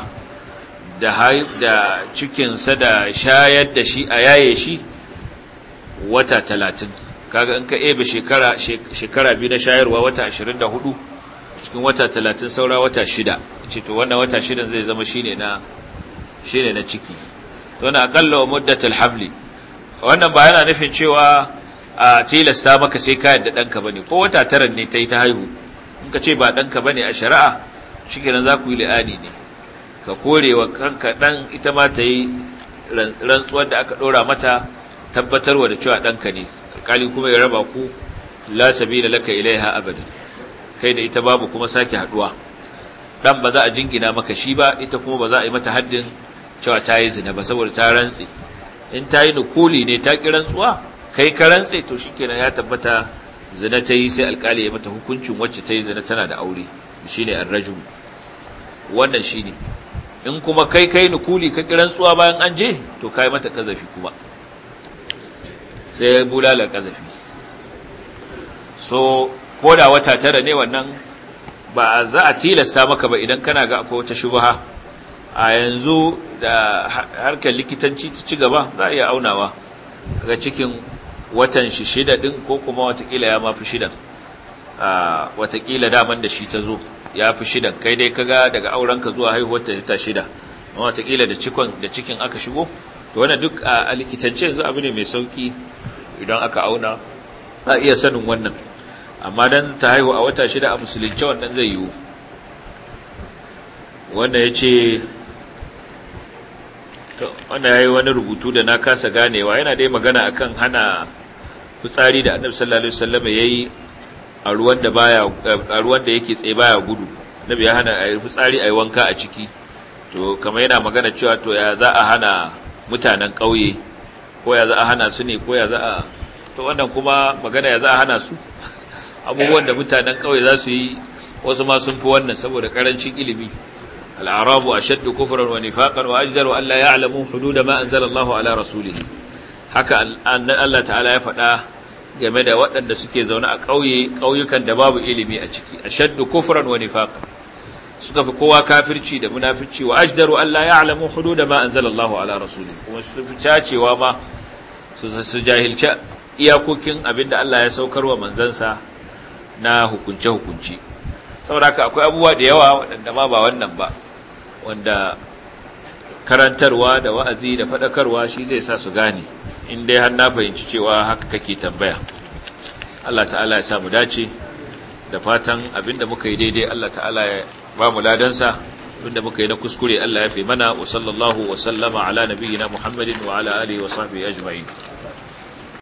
da da cikin sa da shayar da shi a yaye shi wata talatin. kaga in ka ebe shekara shekara biyu na shayarwa wata 24 cikin wata 30 saura wata 6 ce to wannan wata 6 zai zama shine na shine na ciki to na akalla wa muddatul habli wannan ba yana nufin cewa a tilasta maka sai ka yadda danka bane ko wata tara ne ta yi ta haihu in ka ce ba danka bane a shari'a shikenan za ku yi li'ani ne ka korewa kanka dan ita ma ta yi rantsuwar da aka dora mata tabbatarwa da cewa danka ne alkali kuma ya raba ku la sabila laka ilaiha abada kai da ita babu kuma sake haduwa dan ba za a jingina maka shi ba ita kuma ba za a yi mata haddin cewa ta yi zina ba saboda ta rantse in ta yi nukuli ne ta ki rantsuwa kai ka rantse to shikenan ya tabbata zina ta yi sai alkali ya mata hukuncin wacce ta yi zina tana da aure shine arrajul wannan shine in kuma kai kai nukuli ka ki rantsuwa bayan an je to kai mata kazafi kuma sai bulalar kazafi so ko da wata tara ne wannan ba za a tilasta maka ba idan kana ga akwai wata shubaha a yanzu da harkar likitanci ta ci gaba za a iya aunawa ga cikin watan shi shida din ko kuma watakila ya mafi shidan watakila daman da shi ta zo ya fi shidan kai dai kaga daga aurenka zuwa haihuwar ta ta shida watakila da cikin aka shigo to wannan duk a likitance yanzu abu ne mai sauki idan aka auna a iya sanin wannan amma dan ta haihu a wata shida a musulunci wannan zai yiwu wannan ya ce wanda ya yi wani rubutu da na kasa ganewa yana dai magana akan hana fitsari da annabi sallallahu alaihi wasallam yayi yi a ruwan da yake tsaye baya gudu annabi ya hana yi fitsari yi wanka a ciki to kama yana magana cewa to ya za a hana mutanen ƙauye ko ya za a hana su ne ko ya za a to wannan kuma magana ya za a hana su abubuwan da mutanen ƙauye za su yi wasu ma sun fi wannan saboda ƙarancin ilimi al'arabu a shaddu kufuran wa nifaƙar wa ajiyar wa Allah ya alamu hudu da ma Allahu ala rasulihi haka Allah ta'ala ya faɗa game da waɗanda suke zaune a ƙauye ƙauyukan da babu ilimi a ciki a shaddu kufuran wani nifaƙar suka fi kowa kafirci da munafici wa ajdaru Allah ya alamu hudu da ma Allah ala rasuli kuma su fi cacewa ma su jahilci iyakokin abinda Allah ya saukar wa manzansa na hukunce-hukunce saboda haka akwai abubuwa da yawa waɗanda ma ba wannan ba wanda karantarwa da wa'azi da faɗakarwa shi zai sa su gane in dai har na fahimci cewa haka kake tambaya Allah ta'ala ya samu dace da fatan abinda muka yi daidai Allah ta'ala ya ba mu ladansa tunda muka yi na kuskure Allah ya fi mana wa sallallahu wa sallama ala nabiyyina Muhammadin wa ala alihi wa sahbihi ajma'in